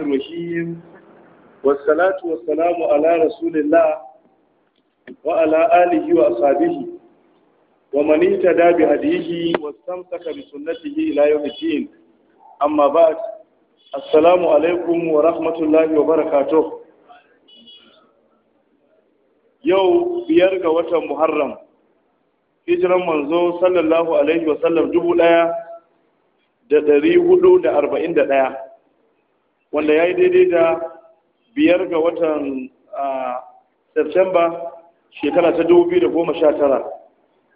الرحيم والصلاة والسلام على رسول الله وعلى آله وأصحابه ومن اهتدى بهديه واستمسك بسنته إلى يوم الدين أما بعد السلام عليكم ورحمة الله وبركاته يو biyar ga محرم Muharram منزو صلى الله عليه وسلم dubu ɗaya da ɗari hudu da arba'in da ɗaya wanda ya yi daidai da biyar ga watan Septemba shekara ta dubu biyu da goma sha tara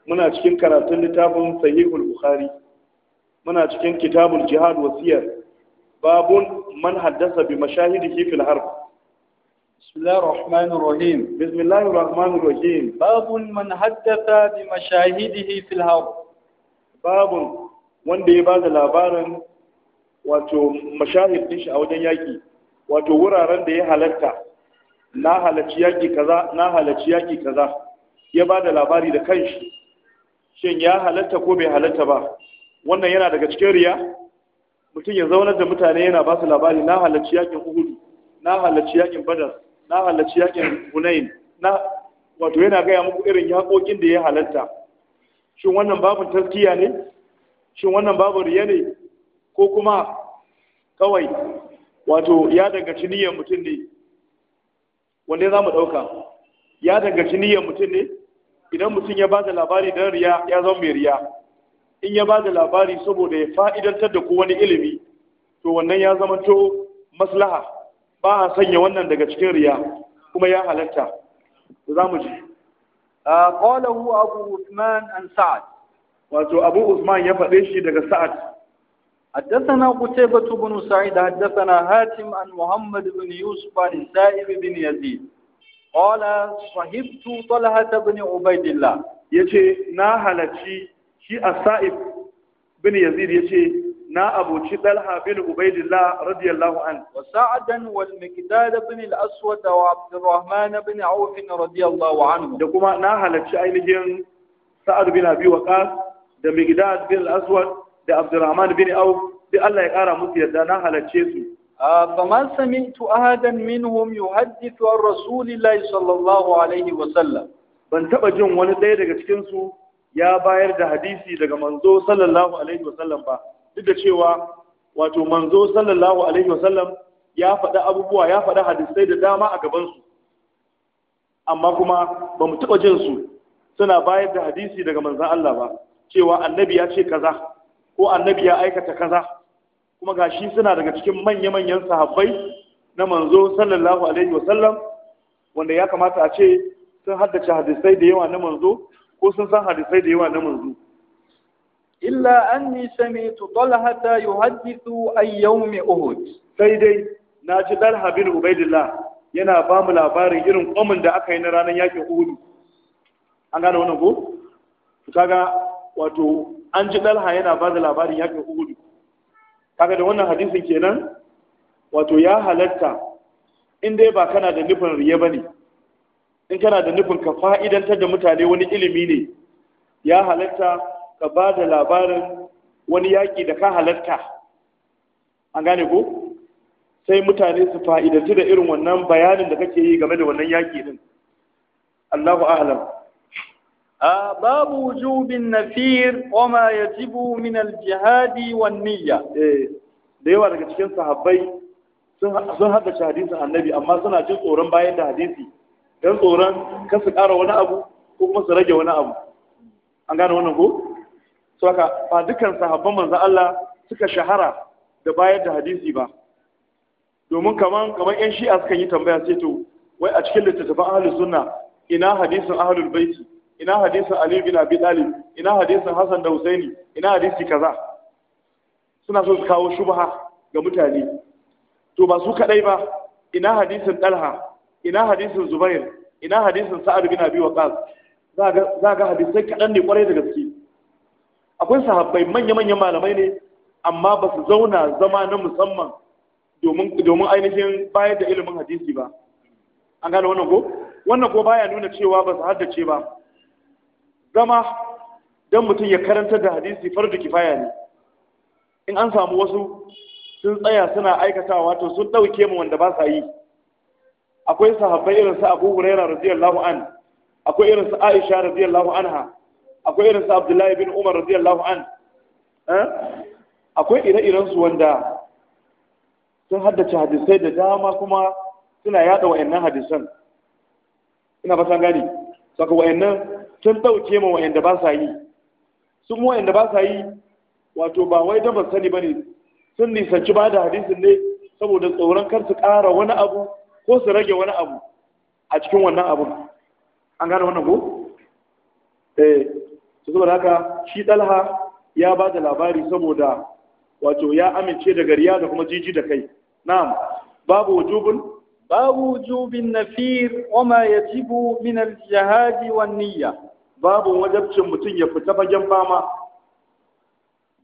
muna cikin karatun littafin sahihul bukhari muna cikin kitabul jihad wasiyar babun man haddasa bi mashahidi fil harb بسم الله الرحمن الرحيم بسم الله الرحمن الرحيم باب من حدث بمشاهده في wanda ya bada labarin wato mashahid din shi a wajen yaƙi wato wuraren da ya halatta na halarci yaƙi kaza na halarci yaƙi kaza ya ba da labari da kanshi shin ya halatta ko bai halatta ba wannan yana daga cikin riya mutum ya zaunar da mutane yana ba su labari na halarci yaƙin uhudu na halarci yaƙin badar na halarci yaƙin hunain na wato yana gaya muku irin yaƙoƙin da ya halatta shin wannan babin taskiya ne shin wannan babin riya ne ko kuma kawai wato ya danganci niyyar mutum ne wanda za mu ɗauka ya danganci niyyar mutum ne idan mutum ya ba da labari don riya ya zama mai riya in ya ba da labari saboda ya fa'idantar da ku wani ilimi to wannan ya zama to maslaha ba a sanya wannan daga cikin riya kuma ya halatta za mu ji قاله أبو عثمان عن سعد wato abu usman ya faɗe shi daga sa'ad حدثنا قتيبة بن سعيد حدثنا هاتم عن محمد بن يوسف عن السائب بن يزيد قال صحبت طلحة بن عبيد الله يجي ناهلتي شي السائب بن يزيد يجي نا أبو طلحة بن عبيد الله رضي الله عنه وسعدا والمكداد بن الأسود وعبد الرحمن بن عوف رضي الله عنه دكما ناهلتي أينجين سعد بن أبي وقاص da Migdad bin al-Aswad da Abdulrahman bin Auf sai Allah ya ƙara musu yadda na halarce su فما سمعت أحدا منهم يحدث عن رسول الله صلى الله عليه وسلم ban taɓa jin wani ɗaya daga cikinsu ya bayar da hadisi daga manzo sallallahu alaihi wa sallam ba duk da cewa wato manzo sallallahu alaihi wa sallam, ya faɗa abubuwa ya faɗa hadisai da dama a gabansu amma kuma ba mu taɓa jin su suna bayar da hadisi daga manzan Allah ba cewa annabi ya ce kaza ko annabi ya aikata kaza kuma gashi suna daga cikin manya-manyan sahabbai na manzo sallallahu alaihi wasallam wanda ya kamata a ce sun haddace hadisai da yawa na manzo ko sun san hadisai da yawa na manzo illa anni sami'tu talhata yuhaddithu ay uhud sai dai na ji dalha bin ubaidillah yana ba mu labarin irin kwamin da aka yi na ranar yakin uhud an gane wannan ko kaga wato an ji ɗalha yana ba da labarin yakin uhudu kaga da wannan hadisin kenan wato ya halatta in dai ba kana da nufin riye ne, in kana da nufin ka fa'idantar da mutane wani ilimi ne ya halatta ka ba da labarin wani yaƙi da ka halatta an gane ko sai mutane su fa'idantu da irin wannan bayanin da kake yi game da wannan yaƙi din Allahu a'lam باب وجوب النفير وما يجب من الجهاد والنية da yawa daga cikin sahabbai sun haddace hadisin annabi amma suna jin tsoron bayan da hadisi don tsoron kasu su ƙara wani abu ko kuma su rage wani abu an gane wannan ko so haka ba dukkan sahabban manzo Allah suka shahara da bayar da hadisi ba domin kaman kaman yan shi'a suka yi tambaya sai to wai a cikin littattafan ahlus sunna ina hadisin ahlul baiti ina hadisin Ali bin Abi Talib ina hadisin Hassan da Husaini ina hadisi kaza suna so su kawo shubha ga mutane to ba su kadai ba ina hadisin Talha ina hadisin Zubair ina hadisin Sa'ad bin Abi Waqqas za ga hadisai kadan ne kwarai da gaske akwai sahabbai manya-manyan malamai ne amma ba su zauna zama na musamman domin ainihin bayar da ilimin hadisi ba an gane wannan ko wannan ko baya nuna cewa ba su haddace ba zama don mutum ya karanta da hadisi fardu kifaya ne in an samu wasu sun tsaya suna aikatawa to sun ɗauke mu wanda ba sa yi akwai sahabbai irin su Abu Hurairah radiyallahu an akwai irin su Aisha radiyallahu anha akwai irin su Abdullahi bin Umar radiyallahu an eh? akwai ire-iren su wanda sun haddace hadisai da dama kuma suna yada wa'annan hadisan ina ba san gani saka wa'annan kin dauke ma wayanda ba sa yi sun wayanda ba sa yi wato ba wai da ban sani ne. sun nisanci ba da hadisin ne saboda tsoron kar su ƙara wani abu ko su rage wani abu a cikin wannan abun an gane wannan ko eh su saboda haka shi ɗalha ya ba da labari saboda wato ya amince da gariya da kuma jiji da kai na'am babu wujubun babu wujubin nafir wa ma yajibu min al jihadi wan niyya babu wajabcin mutum ya fita fagen fama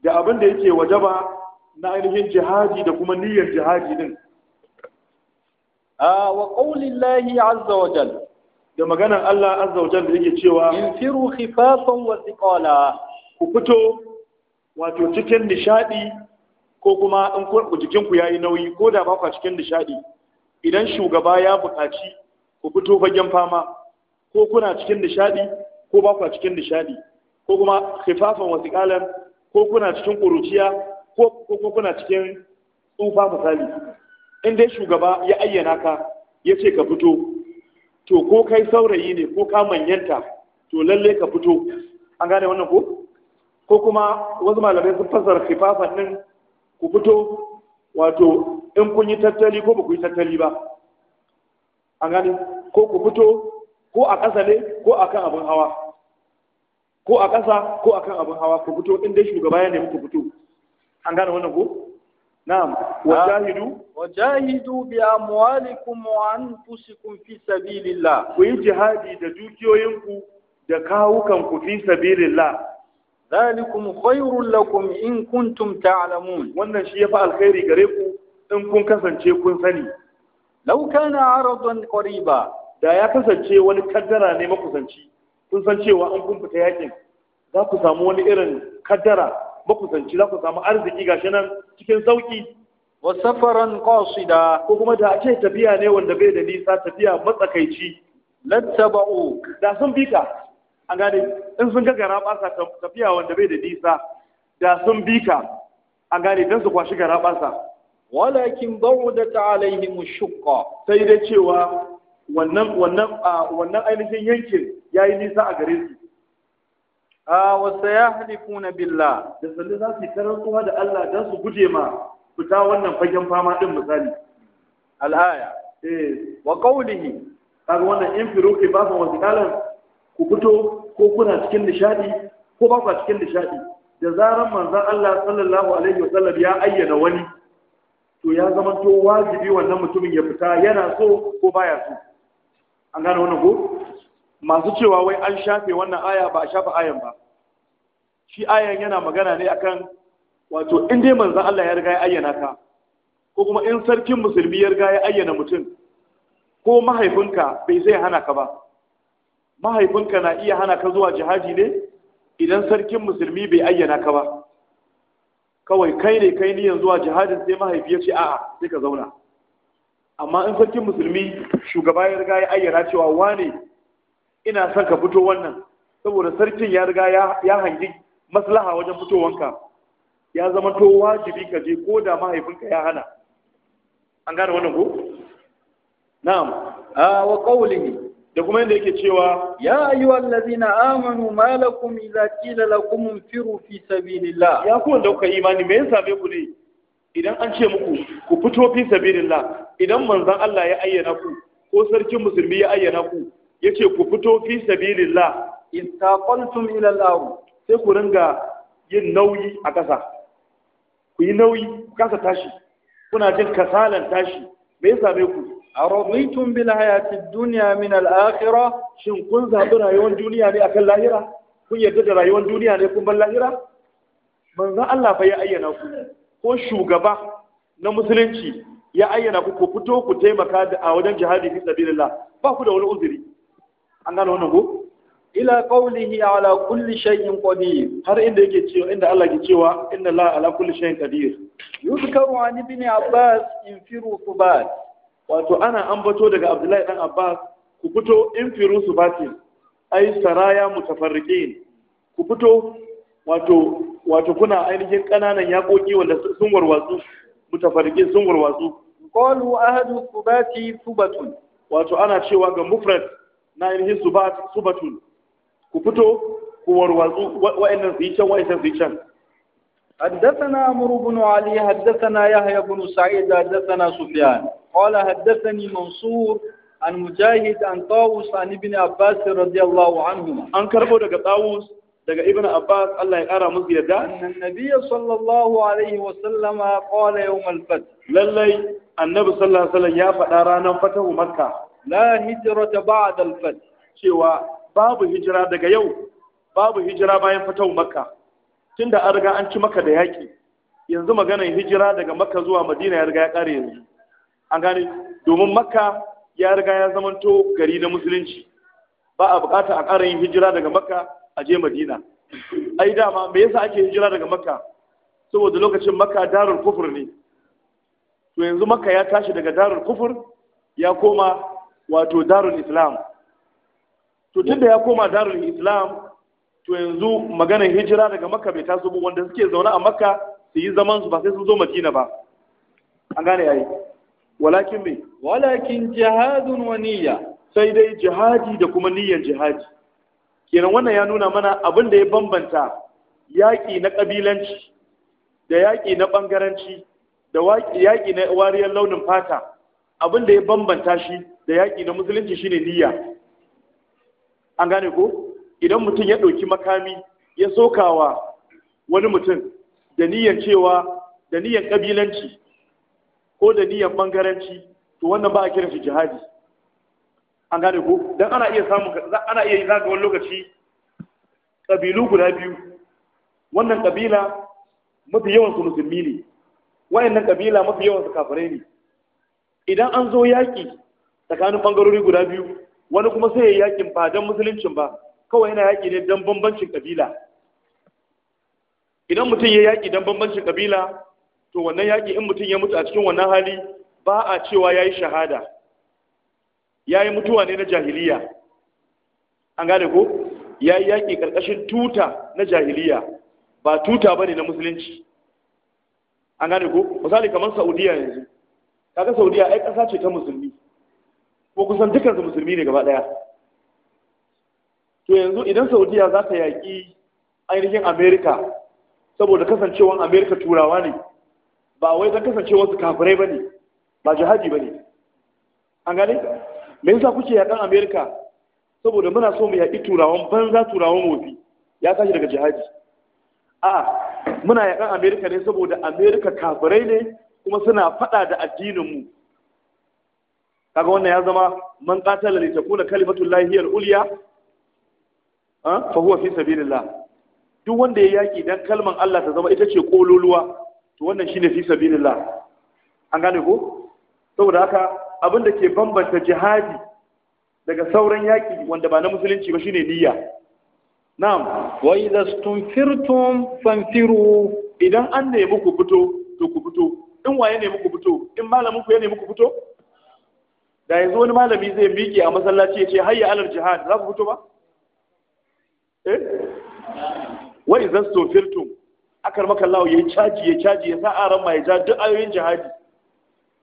da abin da yake wajaba na ainihin jihadi da kuma niyyar jihadi din a wa qaulillahi azza wa jal da maganar Allah azza wa jal da yake cewa infiru khifafan wa thiqala ku fito wato cikin nishadi ko kuma in ku jikin ku yayi nauyi ko da ba ku cikin nishadi idan shugaba ya buƙaci ku fito fagen fama ko kuna cikin nishadi ko ba ku cikin nishadi ko kuma khifafan wasiqalan ko kuna cikin ƙuruciya ko kuna cikin tsufa misali in dai shugaba ya ayyana ka ya ce ka fito to ko kai saurayi ne ko ka manyanta to lalle ka fito an gane wannan ko ko kuma wasu malamai sun fassara khifafan din ku fito wato in kun yi tattali ko ba ku yi tattali ba an gane ko ku fito ko a ƙasa ne ko a kan abin hawa ko a ƙasa ko a kan abin hawa ku fito in dai shugaba ya nemi ku fito an gane wannan ko na'am wajahidu wajahidu bi amwalikum wa anfusikum fi sabilillah ku yi jihadi da dukiyoyinku da kawukan ku fi sabilillah zalikum khairul lakum in kuntum ta'lamun wannan shi yafi alkhairi gare ku in kun kasance kun sani law kana aradan qariba da ya kasance wani kaddara ne makusanci kun san cewa an kun fita yakin za ku samu wani irin kaddara makusanci za ku samu arziki gashi nan cikin sauki wa safaran qasida ko kuma da ake ce tafiya ne wanda bai da nisa tafiya matsakaici lattaba'u da sun bi ka an gane in sun ga gara basa tafiya wanda bai da nisa da sun bi ka an gane dan su kwashi gara sa walakin ta alaihim shuqqa sai da cewa wannan ainihin yankin ya yi nisa a gare su a wasu ya halifu na billa da salli za su yi kuma da Allah don su guje ma fita wannan fagen fama ɗin misali al'aya eh. wa qawlihi kaga wannan in firuki ba su wasu kalan ku fito ko kuna cikin nishaɗi ko ba ku cikin nishaɗi. da zarar manzan Allah sallallahu alaihi wasallam ya ayyana wani to ya zama to wajibi wannan mutumin ya fita yana so ko baya so an gane wani ko masu cewa wai an shafe wannan aya ba a shafa ayan ba shi ayan yana magana ne akan wato in dai manzan Allah ya riga ya ayyana ka ko kuma in sarkin musulmi ya riga ya ayyana mutum ko mahaifinka bai zai hana ka ba mahaifinka na iya hana ka zuwa jihadi ne idan sarkin musulmi bai ayyana ka ba kawai kai ne kai niyan zuwa jihadin sai mahaifi ya ce a'a sai ka zauna amma in sarkin musulmi shugaba ya riga ya ayyana cewa wane ina son ka fito wannan saboda sarkin ya riga ya hangi maslaha wajen fitowanka ya zama to wajibi ka je ko da mahaifinka ya hana an gane wannan ko na'am a wa qawlihi da kuma yadda yake cewa ya ayyuhal ladina amanu ma lakum idza qila lakum firu fi sabilillah ya ku da kuka imani me yasa me ku ne idan an ce muku ku fito fi sabilillah idan manzon Allah ya ayyana ku ko sarkin musulmi ya ayyana ku yace ku fito fi sabilillah in taqaltum ila al sai ku ringa yin nauyi a ƙasa ku yi nauyi kasa tashi kuna jin kasalan tashi me yasa me ku aradaitum bil hayati dunya min al akhirah shin kun zabi rayuwar duniya ne akan lahira kun yarda da rayuwar duniya ne kun bar lahira manzon Allah fa ya ayyana ku ko shugaba na musulunci ya ayyana ku ku fito ku taimaka a wajen jihadi fi sabilillah ba ku da wani uzuri an gano wannan ko ila qawlihi ala kulli shay'in qadir har inda yake cewa inda Allah ke cewa inna Allah ala kulli shay'in qadir yuzkaru an ibn Abbas infiru subat wato ana ambato daga Abdullahi dan Abbas ku fito infiru subatin ay saraya mutafarriqin ku fito wato wato kuna ainihin ƙananan yaƙoƙi wanda sun warwatsu mutafarriqin sun warwatsu qalu ahadu subati subatun wato ana cewa ga mufrad na ainihin subat subatun ku fito ku warwatsu wa'annan su yi can wa'annan su yi can حدثنا عمرو بن علي حدثنا يحيى بن سعيد حدثنا سفيان قال حدثني منصور عن مجاهد عن طاووس عن ابن عباس رضي الله عنهما عن كربو دغ طاووس daga ibn abbas Allah ya kara musu yadda annabiyyu sallallahu alaihi wa sallama qala yawm al-fath lallai annabi sallallahu alaihi wasallam ya faɗa ranar fatahu makka la hijrata ba'da al-fath cewa babu hijira daga yau babu hijira bayan fatahu makka tunda an riga an ci maka da yaƙi yanzu maganar hijira daga makka zuwa madina ya riga ya kare yanzu an gane domin makka ya riga ya zamanto gari na musulunci ba a bukata a ƙara yin hijira daga makka a je madina ai dama me yasa ake hijira daga makka saboda lokacin makka darul kufur ne to yanzu makka ya tashi daga darul kufur ya koma wato darul islam to tunda ya koma darul islam to yanzu magana hijira daga makka bai taso ba wanda suke zaune a makka su yi zaman su ba sai sun zo madina ba an gane yayi walakin me walakin jihadun wa niyya sai dai jihadi da kuma niyyar jihadi kenan wannan ya nuna mana abin da ya bambanta yaƙi na ƙabilanci da yaƙi na ɓangaranci da yaƙi na wariyar launin fata abin da ya bambanta shi da yaƙi na musulunci shi ne niyya an gane ko idan mutum ya ɗauki makami ya sokawa wani mutum da niyyar cewa da niyyar ƙabilanci ko da niyyar ɓangaranci to wannan ba a kiran shi jihadi an gane ko dan ana iya samu ana iya zaga wani lokaci kabilu guda biyu wannan kabila mafi yawan su musulmi ne wayannan kabila mafi yawan su kafirai ne idan an zo yaki tsakanin bangarori guda biyu wani kuma sai ya yakin ba dan musuluncin ba kawai yana yaki ne dan bambancin kabila idan mutum ya yaki dan bambancin kabila to wannan yaki in mutum ya mutu a cikin wannan hali ba a cewa yayi shahada ya yi mutuwa ne na jahiliya an gane ko ya yi yaƙi ƙarƙashin tuta na jahiliya ba tuta ba ne na musulunci an gane ko misali kamar saudiya yanzu kaga saudiya ai ƙasa ce ta musulmi ko kusan dukansu musulmi ne gaba ɗaya to yanzu idan saudiya za ta yaƙi ainihin amerika saboda kasancewan amerika turawa ne ba wai don kasancewarsu kafirai ba ne ba jihadi ba ne an gane me yasa kuke yakan amerika saboda muna so mu yaƙi turawan banza turawan wofi ya tashi daga jihadi a muna yakan amerika ne saboda amerika kafirai ne kuma suna faɗa da addinin addininmu kaga wannan ya zama man qatala li takuna kalimatu llahi hiya al-ulya fa huwa fi sabilillah duk wanda ya yaki dan kalman Allah ta zama ita ce kololuwa to wannan shine fi sabilillah an gane ko saboda haka abin da ke bambanta jihadi daga sauran yaƙi wanda ba na musulunci ba shine niyya na'am wa idza stunfirtum fanfiru idan an ne muku fito to ku fito in waye ne muku fito in malamin ku ya ne muku fito da yanzu wani malami zai miƙe a masallaci ya ce hayya alal jihad za ku fito ba eh wa idza stunfirtum akar maka Allah yayi caji ya caji ya sa aran ma ya ja duk ayoyin jihadi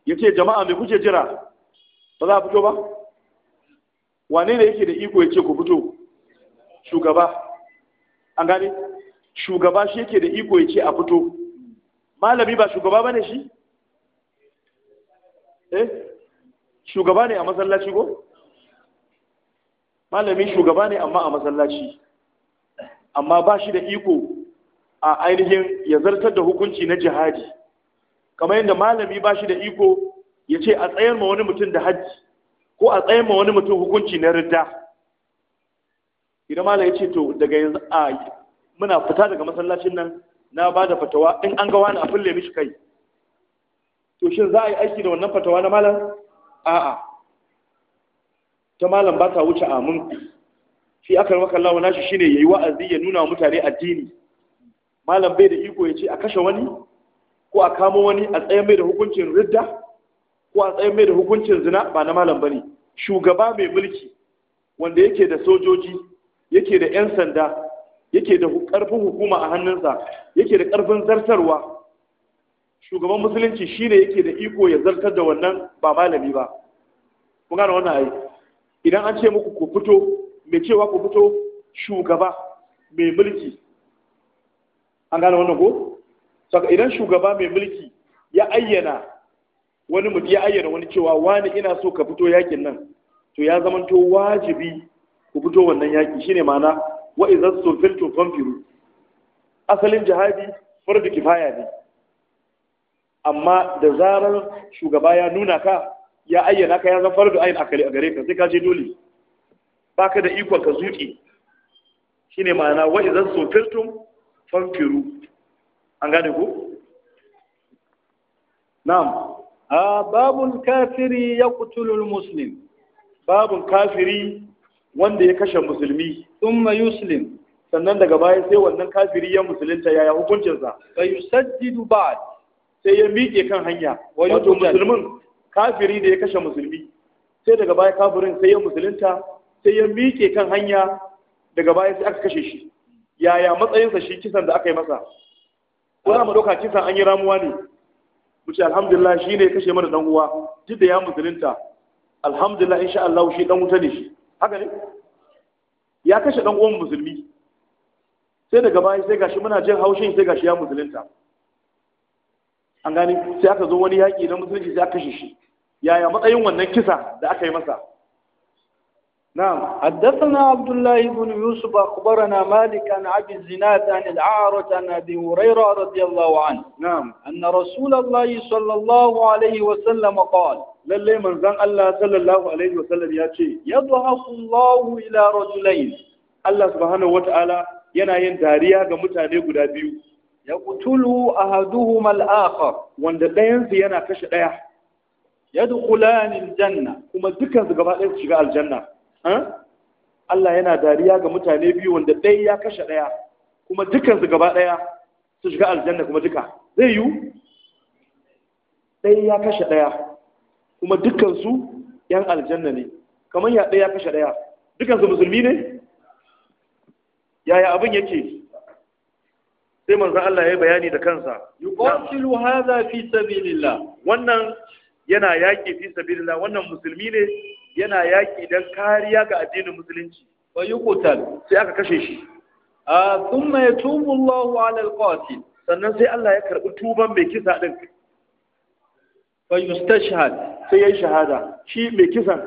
ya ce jama'a mai kuke jira ba za a fito ba wane ne yake da iko ya ce ku fito shugaba an gane shugaba shi yake da iko ya ce a fito malami ba shugaba ba ne shi eh shugaba ne a masallaci ko malami shugaba ne amma a masallaci amma ba shi da iko a ainihin ya zartar da hukunci na jihadi kamar yadda malami ba shi da iko ya ce a tsayar ma wani mutum da hajji ko a tsayar ma wani mutum hukunci na ridda idan malam ya ce to daga yanzu a muna fita daga masallacin nan na ba da fatawa in an ga wani a fulle mishi kai to shin za a yi aiki da wannan fatawa na malam a'a ta malam ba ta wuce amin shi aka maka Allah na shi shine yayi wa'azi ya nuna mutane addini malam bai da iko ya ce a kashe wani ko a kamo wani a tsaye mai da hukuncin ridda ko a tsaye mai da hukuncin zina ba na malam bane shugaba mai mulki wanda yake da sojoji yake da 'yan sanda yake da karfin hukuma a hannunsa yake da karfin zartarwa shugaban musulunci shine yake da iko ya zartar da wannan ba malami ba kun gane wannan ai idan an ce muku ku fito mai cewa ku fito shugaba mai mulki an gane wannan ko saka idan shugaba mai mulki ya ayyana wani mutum ya ayyana wani cewa wani ina so ka fito yakin nan to ya to wajibi ku fito wannan yaki shine ma'ana wa idza sulfiltum fanfiru asalin jihadi fardu kifaya ne amma da zarar shugaba ya nuna ka ya ayyana ka ya zama fardu ayin akali a gare ka sai ka je dole baka da ikon ka zuƙi shine ma'ana wa idza sulfiltum fanfiru an gane ku na'am babun kafiri ya kutulul muslim babun kafiri wanda ya kashe musulmi thumma yuslim sannan daga baya sai wannan kafiri ya musulunta yaya hukuncinsa yi sajji ba'd sai ya miƙe kan hanya wato musulmin kafiri da ya kashe musulmi sai daga baya kafirin sai ya musulunta sai ya miƙe kan hanya daga baya sai aka kashe shi yaya matsayinsa shi kisan da aka yi masa ko za mu ɗauka kisan an yi ramuwa ne mu ce alhamdulillah shi ne kashe mana dan uwa duk da ya musulunta alhamdulillah insha Allah shi dan wuta ne shi haka ne ya kashe dan uwan musulmi sai daga baya sai gashi muna jin haushin sai gashi ya musulunta an gani sai aka zo wani yaƙi na musulunci sai aka kashe shi yaya matsayin wannan kisa da aka yi masa نعم حدثنا عبد الله بن يوسف أخبرنا مالك عن عبد الزناد عن الأعرج عن أبي هريرة رضي الله عنه نعم أن رسول الله صلى الله عليه وسلم قال للي من زن الله صلى الله عليه وسلم يأتي يضحك الله إلى رجلين الله سبحانه وتعالى ينعين داريا كمتاني قد بيو يقتل أحدهما الآخر وان دين سينا كش يدخلان الجنة كما ذكر ذكر الجنة Allah yana dariya ga mutane biyu wanda ɗaya ya kashe ɗaya kuma dukansu gaba ɗaya su shiga aljanna kuma duka zai yiwu ɗaya ya kashe ɗaya kuma dukansu yan aljanna ne kamar ya ɗaya ya kashe ɗaya dukansu musulmi ne yaya abin yake sai manzan Allah ya yi bayani da kansa yuqatilu hadha fi sabilillah wannan yana yaƙi fi sabilillah wannan musulmi ne yana yaƙi don kariya ga addinin musulunci wa yuqtal sai aka kashe shi a ah, thumma yatubu Allahu ala alqatil sannan sai Allah ya karbi tuban mai kisa din fa yustashhad sai yi shahada shi mai kisan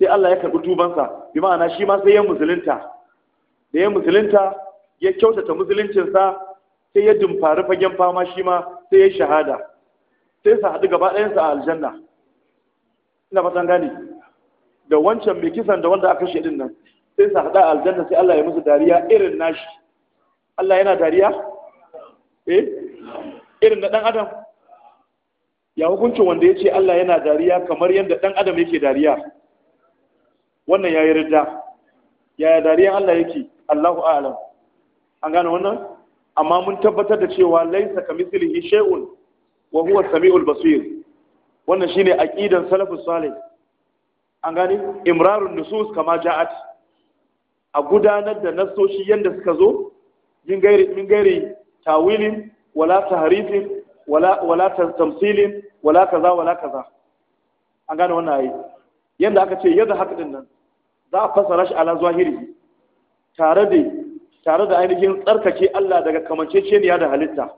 sai Allah ya karbi tubansa bi ma'ana shi ma sai ya musulunta da ya musulunta ya kyautata musuluncinsa sai ya dumfari fagen fama shi ma sai ya shahada sai su haɗu gaba ɗayansa a aljanna ina fatan gane da wancan mai kisan da wanda aka kashe nan sai su haɗa aljanna sai Allah ya musu dariya irin nashi Allah yana dariya eh irin da ɗan adam ya hukuncin wanda ya ce Allah yana dariya kamar yadda ɗan adam yake dariya wannan ya yi ridda yaya dariyan Allah yake Allahu a'lam an gane wannan amma mun tabbatar da cewa laisa kamithlihi shay'un wa huwa samiul basir wannan shine aqidan salafus salih an gani imrarun nusus kama ja'at a gudanar da nasoshi yadda suka zo min gairi tawilin wala tahrifin wala wala tamsilin wala kaza wala kaza an gane wannan ayi yadda aka ce yadda haka din nan za a fasara shi ala zahiri tare da tare da ainihin tsarkake Allah daga kamanceceniya da halitta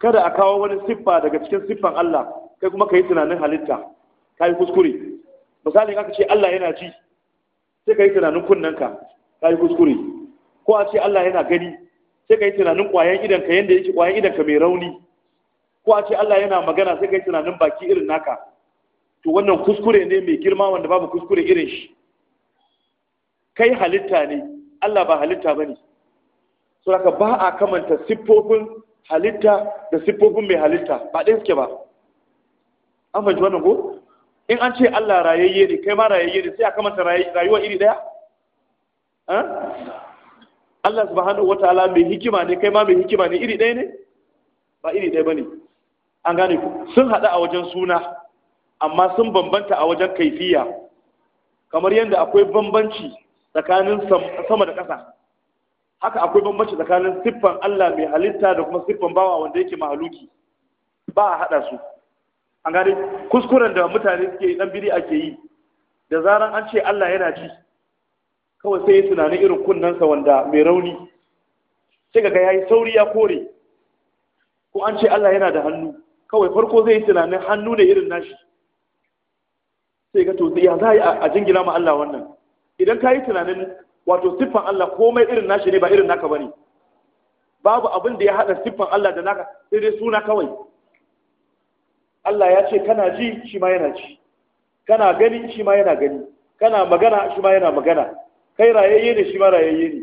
kada a kawo wani siffa daga cikin siffan Allah kai kuma ka yi tunanin halitta ka yi kuskure misalin aka ce Allah yana ji sai ka yi tunanin kunnanka ka yi kuskure ko a ce Allah yana gani sai ka yi tunanin ƙwayan idanka yadda yake ƙwayan idanka mai rauni ko a ce Allah yana magana sai ka yi tunanin baki irin naka to wannan kuskure ne mai girma wanda babu kuskure irin shi kai halitta ne Allah ba halitta ba ne saboda ba a kamanta siffofin halitta da siffofin mai halitta ba ɗaya suke ba an fahimci wannan ko in an ce Allah rayayye ne kai ma rayayye ne sai a mata rayuwa iri daya Allah subhanahu wataala mai hikima ne kai ma mai hikima ne iri daya ne ba iri daya bane an gane ku sun hada a wajen suna amma sun bambanta a wajen kaifiya kamar yadda akwai bambanci tsakanin sama da ƙasa haka akwai bambanci tsakanin siffan Allah mai halitta da kuma siffan bawa wanda yake mahaluki ba a hada su an gane kuskuren da mutane suke dan biri ake yi da zaran an ce Allah yana ji kawai sai ya tunanin irin sa wanda mai rauni sai ga yayi sauri ya kore ko an ce Allah yana da hannu kawai farko zai yi tunanin hannu ne irin nashi sai ga to ya za a jingina ma Allah wannan idan ka yi tunanin wato siffan Allah komai irin nashi ne ba irin naka bane babu abin da ya haɗa siffan Allah da naka sai dai suna kawai Allah ya ce kana ji shi ma yana ji kana gani shi ma yana gani kana magana shi ma yana magana kai rayayye ne shi ma rayayye ne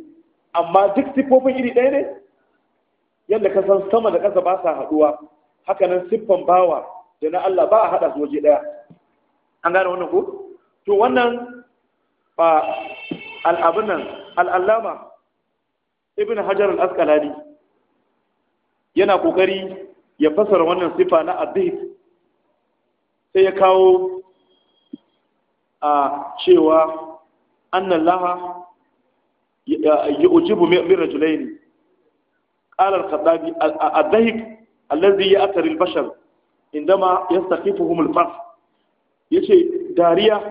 amma duk sifofin iri ɗaya ne yadda ka san sama da ƙasa ba sa haɗuwa haka nan siffan bawa da na Allah ba a haɗa su waje ɗaya an gane wannan ko to wannan ba al'abun nan al'allama ibn hajar al-asqalani yana kokari ya fasara wannan sifa na addis sai ya kawo a cewa annan laha yi ujibu min ya قال الخطابي inda ma ya sake fuhumul يستخفهم Ya ce dariya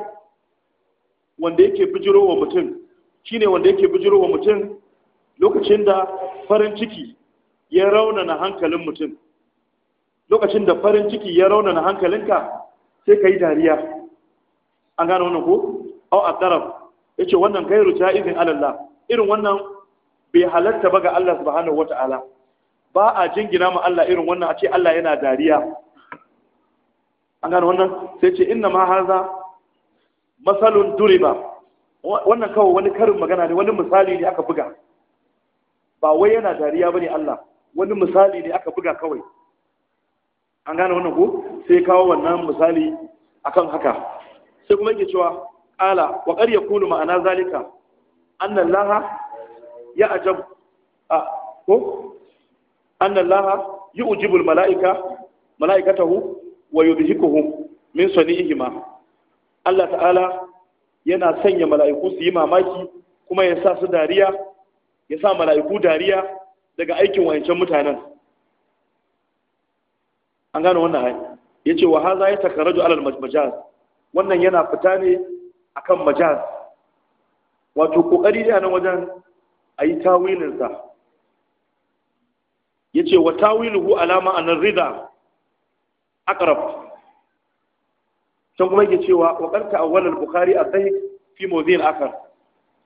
wanda yake bijiro wa mutum Shi ne wanda yake bijiro wa mutum lokacin da farin ciki ya raunana hankalin mutum lokacin da farin ciki ya raunana hankalinka sai ka yi dariya an gane wannan ko au Ya yace wannan gairu jaizin alallah irin wannan bai halatta ba ga Allah subhanahu wataala ba a jingina ma Allah irin wannan a ce Allah yana dariya an gane wannan sai ce inna ma haza masalun duriba wannan kawai wani karin magana ne wani misali ne aka buga ba wai yana dariya bane Allah wani misali ne aka buga kawai an gane wannan ko sai kawo wannan misali akan haka sai kuma yake cewa ala wa qad yakunu ma'ana zalika anna allaha ya ajab a ko anna allaha yu'jibu al mala'ika mala'ikatahu wa yudhikuhum min sani'ihima Allah ta'ala yana sanya mala'iku su yi mamaki kuma ya sa su dariya ya sa mala'iku dariya daga aikin wayancan mutanen an gano wannan hai ya ce wa haza ya takaraju alal majaz wannan yana fita ne akan majaz wato kokari ne a nan wajen a yi tawilinsa ya ce wa tawiluhu alama a nan rida akarab can kuma yake cewa waƙar karta awwalar bukari a zahik fi mozin akar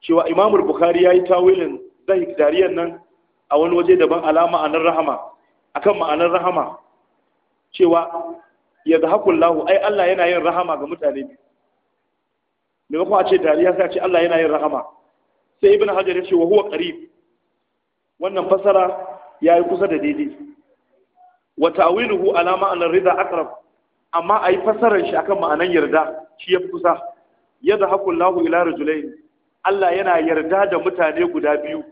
cewa imamul bukari ya yi tawilin zahik dariyan nan a wani waje daban alama a nan rahama akan ma'anar rahama cewa ya zaha lahu ai Allah yana yin rahama ga mutane ne maimakon a ce dariya sai a ce Allah yana yin rahama sai ibn hajar ya ce wa huwa qarib wannan fasara yayi yi kusa da daidai wa ta'wiluhu ala ma'anar rida akrab amma ai fasaran shi akan ma'anan yarda shi yafi kusa ya zaha lahu ila rajulain Allah yana yarda da mutane guda biyu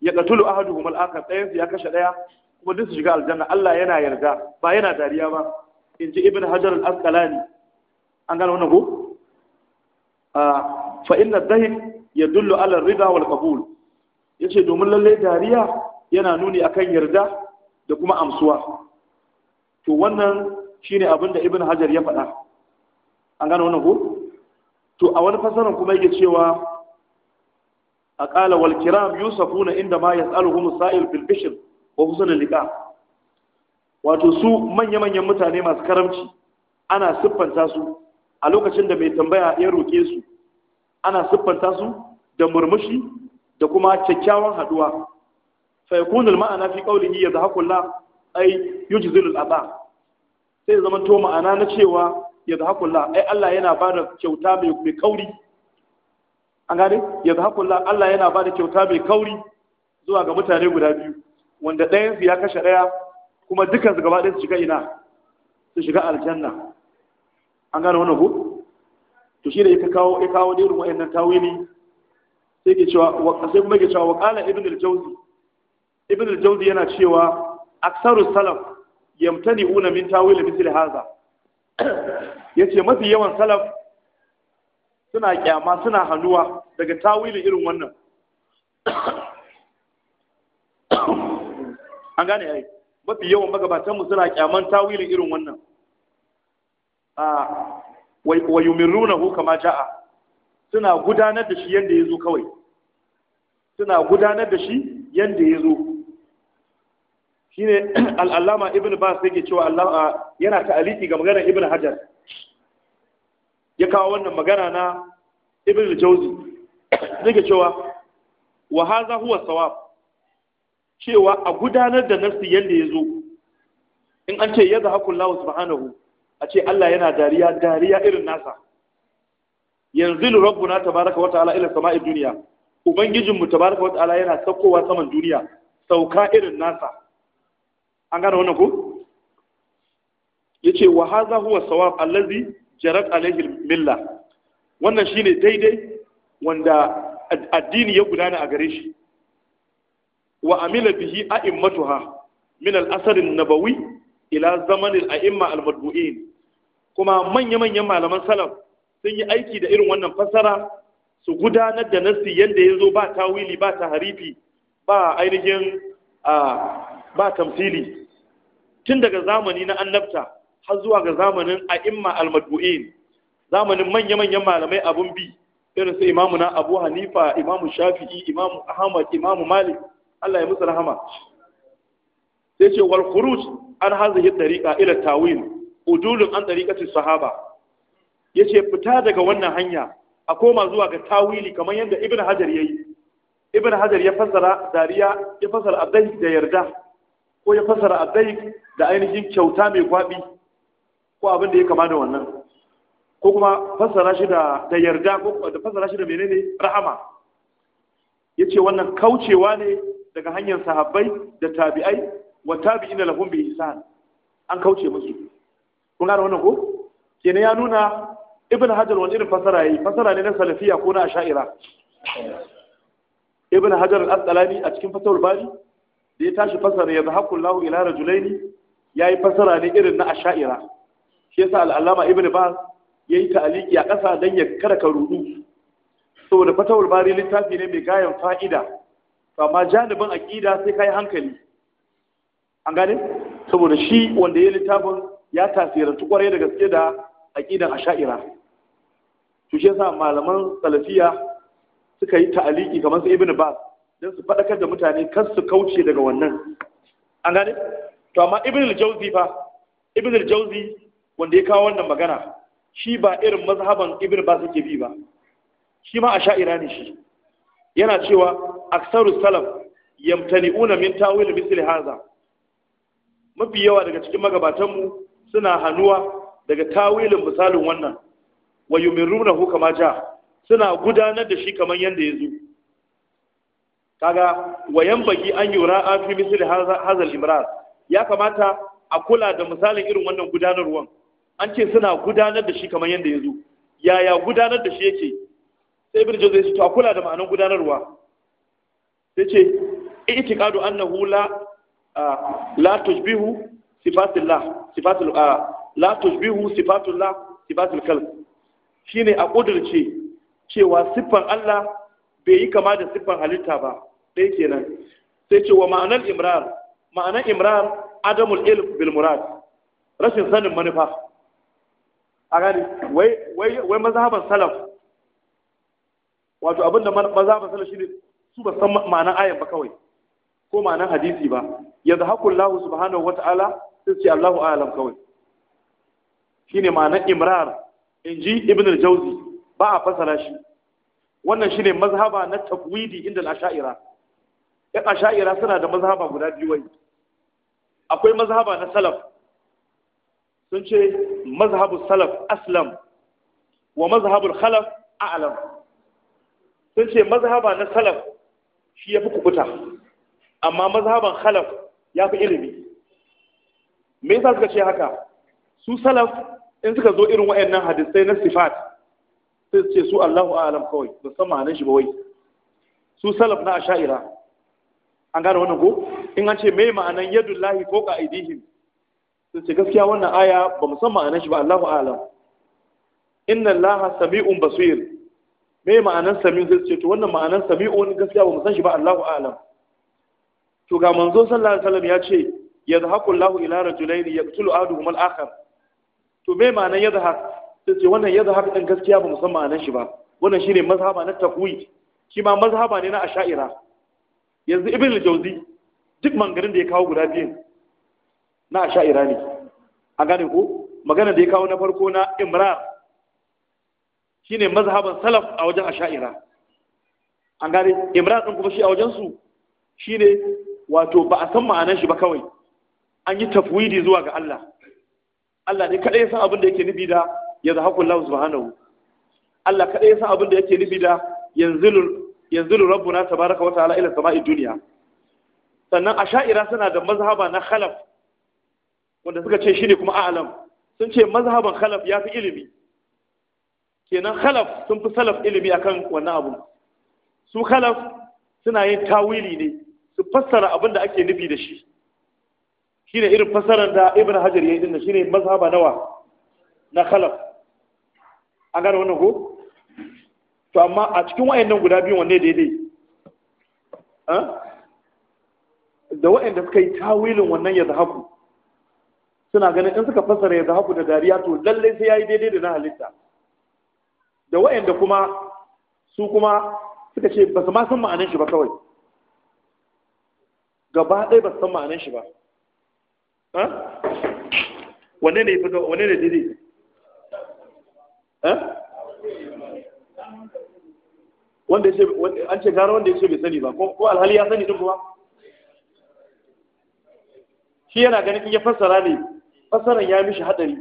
ya qatulu ahaduhum al-akhar ɗayan ya kashe ɗaya kuma duk su shiga aljanna Allah yana yarda ba yana dariya ba in ji ibn hajar al-asqalani an gano wannan ko ah, fa inna dhahik yadullu ala rida wal qabul yace domin lalle dariya yana nuni akan yarda da kuma amsuwa to wannan shine abin da ibn hajar ya faɗa an gano wannan ko to a wani fasarin kuma yake cewa a ƙala wal kiram yusafuna inda ma yas'aluhum sa'il bil bishr wa husnul liqa wato su manya-manyan mutane masu karamci ana siffanta su a lokacin da mai tambaya ya roƙe su ana siffanta su da murmushi da kuma kyakkyawan haduwa fa ma'ana fi qawlihi yadhaku la ay yujzilu al-aba sai zama to ma'ana na cewa yadda la ai Allah yana da kyauta mai kauri an gane yadhaku la Allah yana da kyauta mai kauri zuwa ga mutane guda biyu wanda ɗayansu ya kashe ɗaya kuma su gaba ɗaya su shiga ina su shiga aljanna an gane wannan ku to shi da ya kawo ya kawo ne ruwa yannan tawili sai ke cewa sai kuma ke cewa wa qala ibn al-jawzi ibn al-jawzi yana cewa aksarus salaf yamtani'una min tawil misli hadha yace mafi yawan salaf suna kyama suna hanuwa daga tawili irin wannan an gane yi mafi yawan magabatan mu suna kyaman tawilin irin wannan a runa ko kama ja'a suna gudanar da shi yadda ya zo kawai suna gudanar da shi yadda ya zo shi ne al'allama ibn bas yake cewa Allah yana ta'aliki ga maganar ibn hajar ya kawo wannan magana na ibn jauzi jawzi ke cewa wa haza huwa sawab cewa a gudanar da nafsi yadda ya zo in an ce yadda haƙun lawus subhanahu a ce Allah yana dariya dariya irin nasa yanzu rabbuna tabaraka wata ala ila sama'i duniya ubangijinmu tabaraka wata ala yana saukowa saman duniya sauka irin nasa an gane wannan ya ce wa hadha huwa sawab allazi jarat alaihi milla wannan shine daidai wanda addini ya gudana a gare shi wa amila bihi a'immatuha min al-asr an-nabawi ila zaman al-a'imma al kuma manya-manyan malaman salaf sun yi aiki da irin wannan fasara su gudanar da nassi yanda yazo ba tawili ba harifi ba ainihin ba tamthili tun daga zamani na annabta har zuwa ga zamanin a'imma al-madbu'in zamanin manya-manyan malamai abun bi irin su imamu na abu hanifa imamu shafi'i imamu ahmad imamu malik Allah ya musu rahama sai ce wal khuruj an hazihi tariqa ila tawil udulun an tariqati sahaba yace fita daga wannan hanya a koma zuwa ga tawili kamar yadda ibn hajar yayi ibn hajar ya fassara dariya ya fassara adai da yarda ko ya fassara adai da ainihin kyauta mai gwabi ko abin da ya kama da wannan ko kuma fassara shi da yarda ko da fassara shi da menene rahama yace wannan kaucewa ne daga hanyar sahabbai da tabi'ai wa tabi'in lahum bi ihsan an kauce musu kun gane wannan ko kenan ya nuna ibn hajar wani irin fasara yayi fasara ne na salafiya ko na asha'ira ibn hajar al-asqalani a cikin fasahul bari da ya tashi fasara ya zahaqu Allahu ila rajulaini yayi fasara ne irin na asha'ira shi yasa al-allama ibn baz yayi ta'aliki a kasa dan ya kada ka rudu saboda fatawul bari littafi ne mai gayan fa'ida to amma janibin aqida sai ka yi hankali an gane saboda shi wanda ya littafin ya tasirantu kwarai da gaske da aqidan asha'ira to shi yasa malaman salafiya suka yi ta'aliki kamar su ibnu ba dan su fadakar da mutane kan su kauce daga wannan an gane to amma ibnu al-jawzi fa ibnu al-jawzi wanda ya kawo wannan magana shi ba irin mazhaban ibnu ba suke bi ba shi ma asha'ira ne shi yana cewa aksarus salaf yamtani'una min tawil misli haza mafi yawa daga cikin magabatanmu suna hannuwa daga tawilin misalin wannan wa hu kama ja suna gudanar da shi kamar yanda yazo kaga wayan baki an yura a fi misli haza imrar ya kamata a kula da misalin irin wannan gudanarwan an ce suna gudanar da shi kamar yanda yazo yaya gudanar da shi yake sai ibn jawzi ya ce to a kula da ma'anan gudanarwa sai ce i'tiqadu annahu la la tushbihu sifatillah sifatul la tushbihu sifatullah sifatul Shi shine a kudirce cewa siffan Allah bai yi kama da siffan halitta ba dai kenan sai ce wa ma'anar imrar ma'anar imrar adamul ilm bil murad rashin sanin manufa a gani wai wai wai mazhaban salaf wato abinda maza ba shi ne su ba san ma'anar ayan ba kawai ko ma'anar hadisi ba lahu su ba wata'ala sun ce Allahu a'lam kawai Shi ne ma'anar imrar in ji ibn al ba a fasara shi wannan shi ne mazhaba na takwidi inda al'asha'ira yan asha'ira suna da mazhaba guda biyu wai akwai mazhaba na salaf sun ce mazhabu salaf aslam wa mazhabu khalaf a'lam sun ce mazhaba na salaf shi ya fi kubuta amma mazhaban khalaf ya fi ilimi me yasa suka ce haka su salaf in suka zo irin wayannan hadisai na sifat sai su ce su Allahu a'lam kawai ba san ma'anar shi ba wai su salaf na asha'ira an gane wannan ko in an ce me ma'anar yadullahi ko qa'idihim sai ce gaskiya wannan aya ba mu san ma'anar shi ba Allahu a'lam inna Allaha sami'un basir me ma'anan sami zai ce to wannan ma'anan ni gaskiya ba mu san shi ba Allahu a'lam to ga manzo sallallahu alaihi wasallam ya ce yadhaqu Allahu ila rajulayn yaqtulu ahaduhuma al-akhar to me ma'anan yadhaq sai ce wannan yadhaq din gaskiya ba mu san ma'anan shi ba wannan shine mazhaba na takwi shi ma mazhaba ne na asha'ira yanzu ibn al-jawzi duk mangarin da ya kawo guda biyu na asha'ira ne a gane ko magana da ya kawo na farko na imrar shine mazhaban salaf a wajen asha'ira an gane imran din kuma shi a wajen su shine wato ba a san ma'anar shi ba kawai an yi tafwidi zuwa ga Allah Allah ne kadai san abin da yake nufi da yazhaku lahu subhanahu Allah kadai san abin da yake nufi da yanzilu yanzilu rabbuna tabaraka wa ta'ala ila sama'i dunya sannan asha'ira suna da mazhaba na khalaf wanda suka ce shine kuma a'lam sun ce mazhaban khalaf ya fi ilimi kenan khalaf sun fi salaf ilimi akan wannan abu su khalaf suna yin tawili ne su fassara abin da ake nufi da shi shine irin fassarar da ibn hajar ya yi dinna shine mazhaba nawa na khalaf an gane wannan ko to amma a cikin wayannan guda biyu wanne daidai da wayanda suka yi tawilin wannan ya zahaku suna ganin in suka fassara ya zahaku da dariya to lallai sai yayi daidai da na halitta da wa'anda kuma su kuma suka ce ba su ma san ma'anin shi ba kawai gaba ɗaya ba su san ma'anin shi ba wanne ne fito wane ne dide wanda ya ce an ce gara wanda ya ce bai sani ba ko alhali ya sani din kuma shi yana ganin ya fassara ne fassaran ya mishi hadari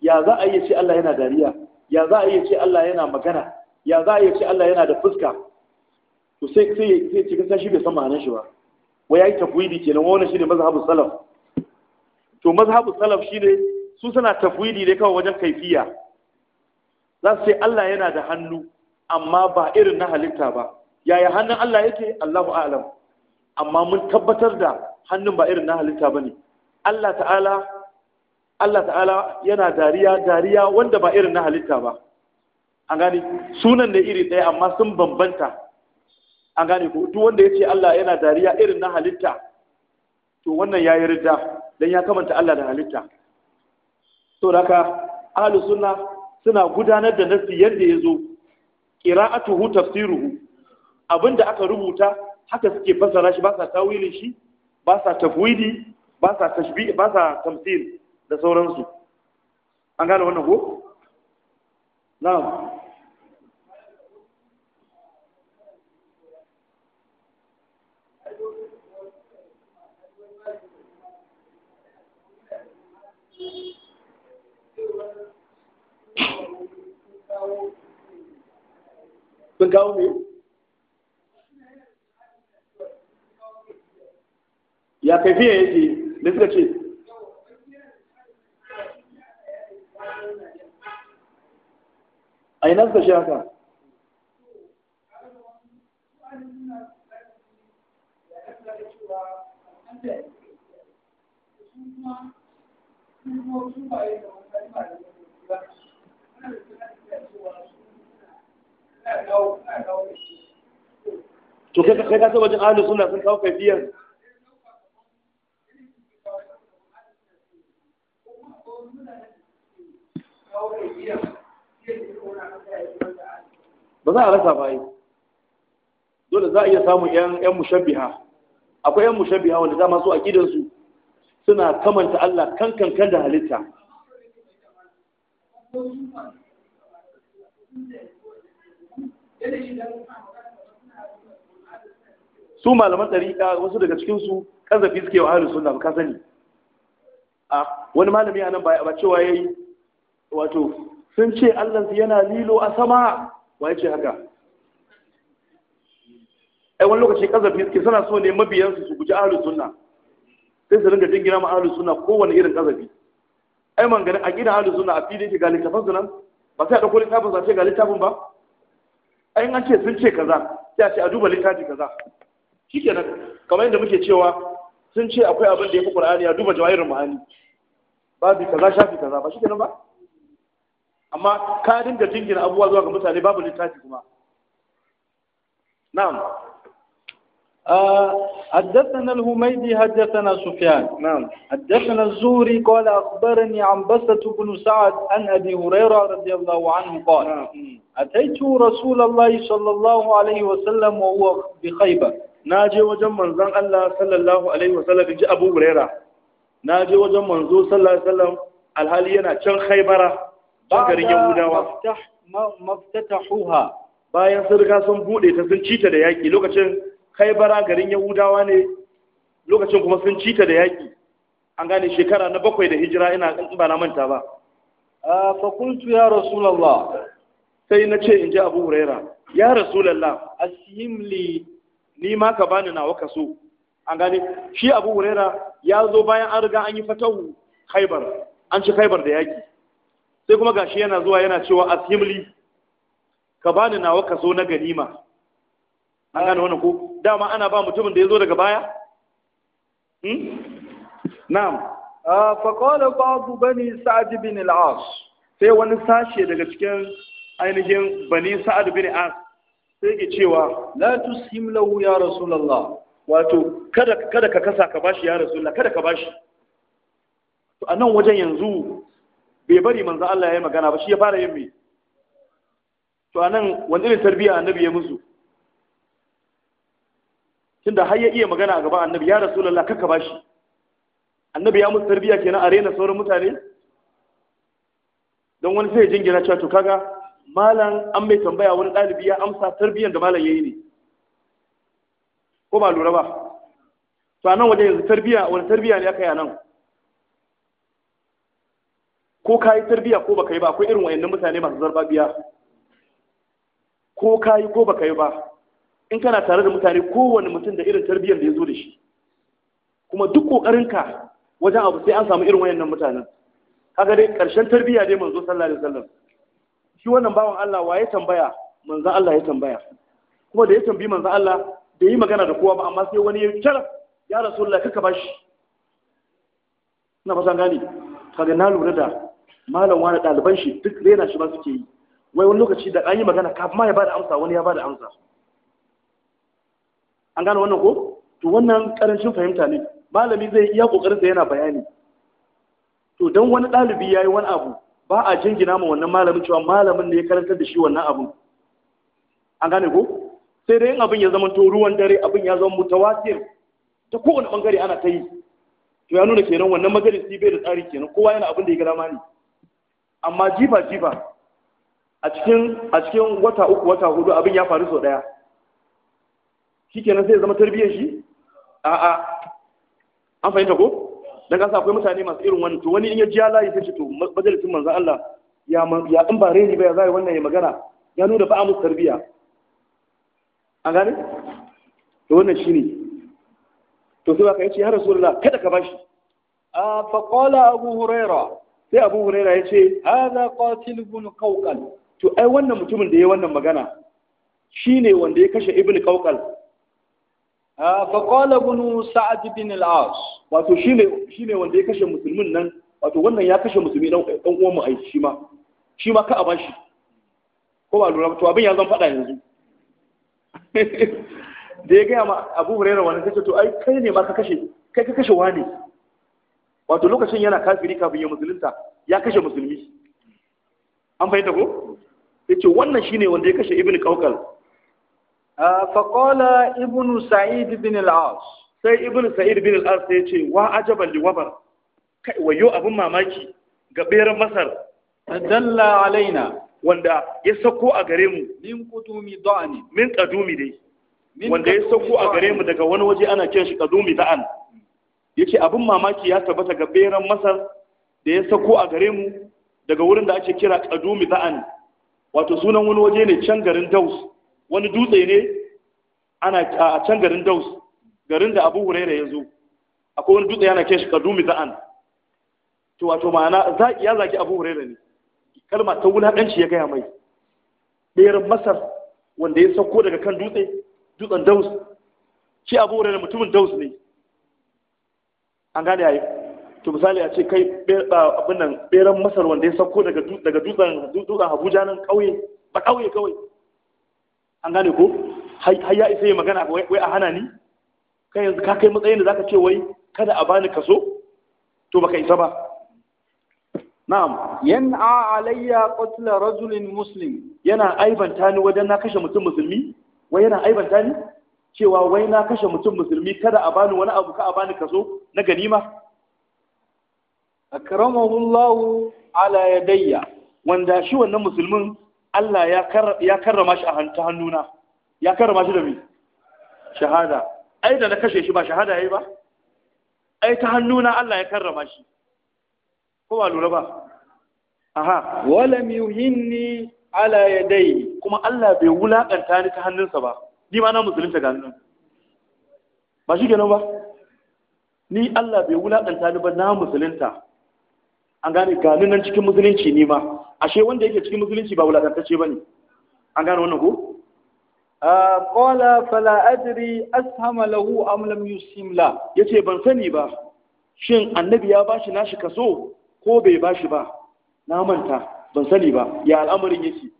ya za a yi ce Allah yana dariya ya za a iya ce Allah yana magana ya za a iya ce Allah yana da fuska to sai sai sai cikin sashi bai san ma'anar shi ba wai yayi tafwidi kenan wannan shine mazhabu salaf to mazhabu salaf shine su suna tafwidi dai kawai wajen kaifiya za su ce Allah yana da hannu amma ba irin na halitta ba yaya hannun Allah yake Allahu a'lam amma mun tabbatar da hannun ba irin na halitta bane Allah ta'ala Allah ta'ala yana dariya dariya wanda ba irin na halitta ba an gane sunan da iri ɗaya amma sun bambanta an gane ko duk wanda ya ce Allah yana dariya irin na halitta to wannan ya yi rida don ya kamanta Allah da halitta to da haka sunna suna gudanar da nasi yadda ya zo qira'atuhu tafsiruhu abinda aka rubuta haka suke fassara shi ba sa tawilin shi ba sa tafwidi ba sa tashbi ba sa tamthil da sauransu an gane wannan ko na'am sun kawo me ya kaifiya yake da suka ce a ina suka sha haka to kai ka saba jin ahlus sun kawo kaifiyar Yeah. ba za a rasa ba yi dole za a iya samun yan mushabbiha akwai yan mushabbiha wanda dama su suna kamanta Allah kan kankan da halitta su malaman dariƙa, wasu daga cikinsu ƙazafi suke wa ahalin suna ka sani a wani malami a nan ba cewa ya yi wato sun ce Allah yana lilo a sama wa ya ce haka ai wani lokaci kazafi suke suna so ne mabiyansu su guji ahlus sunna sai su ringa jingina ma ahlus sunna kowane irin kazafi ai man a gina ahlus sunna a fili ke ga littafin nan? ba sai a ɗauko littafin sa ce ga littafin ba ai an ce sun ce kaza sai a ce a duba littafi kaza shikenan kamar yadda muke cewa sun ce akwai abin da ya fi qur'ani a duba jawahirul ma'ani babu kaza shafi kaza ba shikenan ba amma ka dinga jingina abubuwa zuwa ga mutane babu littafi kuma na'am حدثنا الهميدي حدثنا سفيان نعم حدثنا الزهري قال أخبرني عن بسة بن سعد عن أبي هريرة رضي الله عنه قال نعم. أتيت رسول الله صلى الله عليه وسلم وهو بخيبة ناجي وجم من زن الله صلى الله عليه وسلم جاء أبو هريرة ناجي وجم من زو صلى الله عليه وسلم الهالي ينا كان خيبرة can garin yahudawa maftatahuha bayan sun sun bude ta sun cita da yaki lokacin khaybara garin yahudawa ne lokacin kuma sun cita da yaki an gane shekara na bakwai da hijira ina in ba na manta ba fa kuntu ya rasulullah sai na ce in ji abu huraira ya rasulullah asimli ni ma ka bani nawa so. an gane shi abu huraira ya zo bayan an riga an yi fatahu khaybar an ci khaybar da yaki sai kuma gashi yana zuwa yana cewa simli ka bani nawa ka zo na ganima an gane wannan ko dama ana ba mutumin da ya zo daga baya hmm? na'am ah, fa qala babu bani sa'd bin al-as sai wani sashe daga cikin ainihin bani sa'd bin as sai ke cewa la tushim lahu ya rasulullah wato kada kada ka kasa ka bashi ya rasulullah kada ka bashi to anan wajen yanzu bai bari manzo Allah ya yi magana ba shi ya fara yin me to anan wani irin tarbiyya annabi ya musu tunda har ya iya magana a gaban annabi ya rasulullah kaka bashi annabi ya musu ke kenan a rena sauran mutane don wani sai jingina cewa to kaga malam an mai tambaya wani ɗalibi ya amsa tarbiyyar da malam yi ne ko ba lura ba to anan waje yanzu tarbiya wani tarbiya ne aka yi nan? ko ka yi tarbiyya ko baka yi ba akwai irin wayannan mutane masu zarbabiya ko ka yi ko baka yi ba in kana tare da mutane kowane mutum da irin tarbiyyar da ya zo da shi kuma duk ƙoƙarinka wajen abu sai an samu irin wayannan mutanen kaga dai ƙarshen tarbiyya dai manzo sallallahu alaihi wasallam shi wannan bawan Allah wa ya tambaya manzo Allah ya tambaya kuma da ya tambayi manzo Allah da yi magana da kowa ba amma sai wani ya cara ya rasulullahi kaka bashi ina fasa gani kaga na lura da malam wani ɗaliban shi duk rena shi ba suke yi wai wani lokaci da an yi magana kafin ma ya bada amsa wani ya bada amsa an gane wannan ko to wannan karancin fahimta ne malami zai iya kokarin da yana bayani to dan wani ɗalibi ya yi wani abu ba a jingina ma wannan malamin cewa malamin ne ya karantar da shi wannan abun an gane ko sai dai abin ya zama to ruwan dare abin ya zama mutawatir ta kowane bangare ana ta yi to ya nuna kenan wannan sai bai da tsari kenan kowa yana abin da ya ga dama ne amma jifa jifa a cikin a cikin wata uku wata hudu abin ya faru sau daya shikenan sai zama tarbiyyar shi a a an fahimta ko dan kasa akwai mutane masu irin wani to wani in ya ji layi sai to majalisun manzan Allah ya ya in ba reni ba ya zai wannan ya magana ya nuna ba a musu tarbiyya A gane to wannan shi ne. to sai ka yace ya rasulullah kada ka bashi a fa abu hurairah sai abu huraira ya ce haza qatil ibn qawqal to ai wannan mutumin da ya wannan magana shine wanda ya kashe ibn qawqal ah, fa qala ibn sa'd ibn al-as wato shine shine wanda ya kashe musulmin nan wato wannan ya kashe musulmi dan dan uwan mu ai shi ma shi ma ka aban shi ko ba lura to abin ya zan faɗa yanzu da ya gaya ma abu huraira wani kace to ai kai ne ma ka kashe kai ka kashe wani wato lokacin yana kafiri kafin ya musulunta ya kashe musulmi an fahimta ko ce wannan shine wanda ya kashe Ibn qaukal ah, fa qala Ibn sa'id ibn al-as sai Ibn sa'id ibn al-as ya ce wa ajaban li wabar kai wayo abin mamaki ga beran masar dalla alaina wanda ya sako a gare mu min qudumi da'ani min qadumi dai wanda ya sako a gare mu daga wani waje ana kiran shi qadumi da'an yace abin mamaki ya tabbata ga beran masar da ya sako a gare mu daga wurin da ake kira kadumi za'an wato sunan wani waje ne can garin daus wani dutse ne ana a can garin daus garin da abu huraira ya zo akwai wani dutse yana kai shi kadumi za'an to wato ma'ana zaki ya zaki abu huraira ne kalma ta wulaƙanci ya gaya mai ɗayar masar wanda ya sauko daga kan dutse dutsen daus shi abu huraira mutumin daus ne an gane yayi to misali a ce kai abin nan beran masar wanda ya sauko daga dutsen dutsen abuja nan kauye ba kauye kawai an gane ko har ya isa yi magana wai a hana ni kai yanzu ka kai matsayin da zaka ce wai kada a bani kaso to baka isa ba na'am a alayya qatl rajulin muslim yana aibanta ni wajen na kashe mutum musulmi wai yana aibanta ni cewa wai na kashe mutum musulmi kada a bani wani abu ka a bani kaso na ganima akramahullahu ala yadayya wanda shi wannan musulmin Allah ya karrama shi a hannuna ya karrama shi da me shahada ai da na kashe shi ba shahada yayi ba ai ta hannuna Allah ya karrama shi ko ba lura ba aha wala miyuhinni ala yadayhi kuma Allah bai wulakanta ni ta hannunsa ba ni ma na musulunta ga nan ba shi kenan ba ni Allah bai wulakanta ni ba na musulunta an gane ga nan cikin musulunci ni ma ashe wanda yake cikin musulunci ba ba bane an gane wannan ko ah, qala fala adri ashama lahu am lam yusim la yace ban sani ba shin annabi ya bashi nashi kaso ko bai bashi ba na manta ban sani ba ya al'amarin yake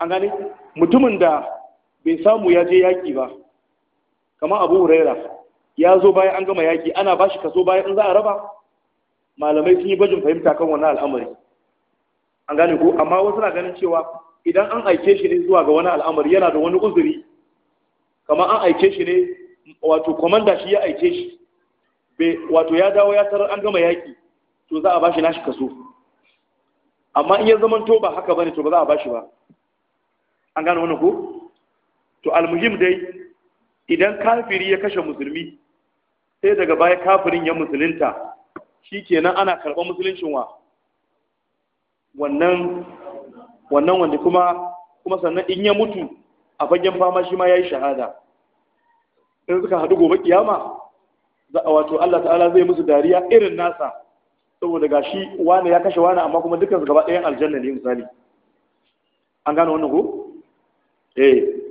an gane mutumin da bai samu ya je yaƙi ba kamar abu huraira ya zo bayan an gama yaƙi ana ba shi kaso bayan in za a raba malamai sun yi bajin fahimta kan wani al'amari an gane ko amma wasu na ganin cewa idan an aike shi ne zuwa ga wani al'amari yana da wani uzuri kamar an aike shi ne wato kwamanda shi ya aike shi wato ya dawo ya tarar an gama yaƙi to za a ba shi nashi kaso amma in ya zama to ba haka ba ne, to ba za a ba shi ba an gane wani ko to almuhim dai idan kafiri ya kashe musulmi sai daga baya kafirin ya musulunta shikenan ana karɓar musuluncin wa wannan wannan wanda kuma kuma sannan in ya mutu a fagen fama shi ma ya yi shahada in suka haɗu gobe kiyama za a wato Allah ta'ala zai musu dariya irin nasa saboda ga shi wane ya kashe wane amma kuma dukkan su gaba ɗayan aljanna ne misali an gano wannan ko eh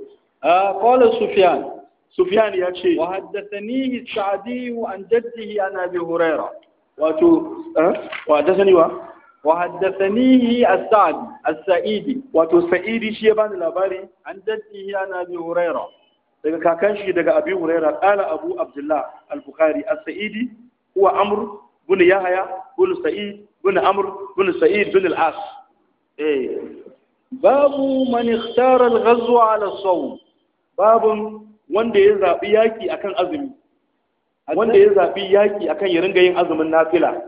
قال سفيان سفيان يا شيء وحدثنيه السعدي عن جده عن ابي هريره واتو وحدثني و وحدثنيه السعد السعيدي واتو سعيدي شي بان لاباري عن جده عن ابي هريره daga kakan shi daga abi huraira qala abu abdullah al-bukhari as-sa'idi huwa amr bin yahya bin sa'id bin amr bin sa'id bin al-as eh babu man ikhtara al-ghazwa ala as-sawm babun wanda ya zaɓi yaƙi akan azumi wanda ya zaɓi yaƙi akan ya ringa yin azumin nafila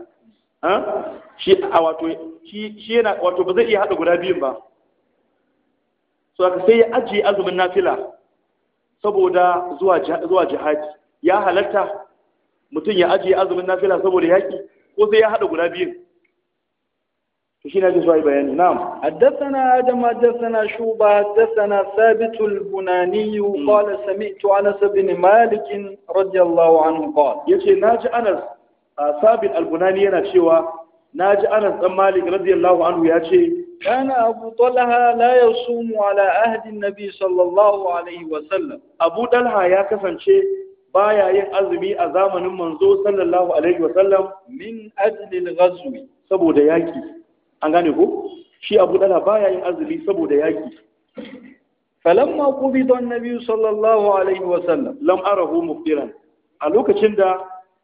shi a wato shi yana wato ba zai iya haɗa guda biyun ba so aka sai ya ajiye azumin nafila saboda zuwa jihadi ya halatta mutum ya ajiye azumin nafila saboda yaƙi ko sai ya haɗa guda biyun شيء نجي سواي بياني نعم حدثنا آدم حدثنا شوبة حدثنا ثابت البناني قال سمعت أنس بن مالك رضي الله عنه قال يجي ناجي أنس ثابت البناني أنا شوى ناجي أنس بن مالك رضي الله عنه يجي كان أبو طلحة لا يصوم على عهد النبي صلى الله عليه وسلم أبو طلحة يا كفن شيء baya yin azumi a zamanin manzo sallallahu alaihi wasallam min ajlil ghazwi saboda yaki an gane ko shi abu dala baya yin azumi saboda yaki falamma qubida annabi sallallahu alaihi wa sallam lam arahu muftiran a lokacin da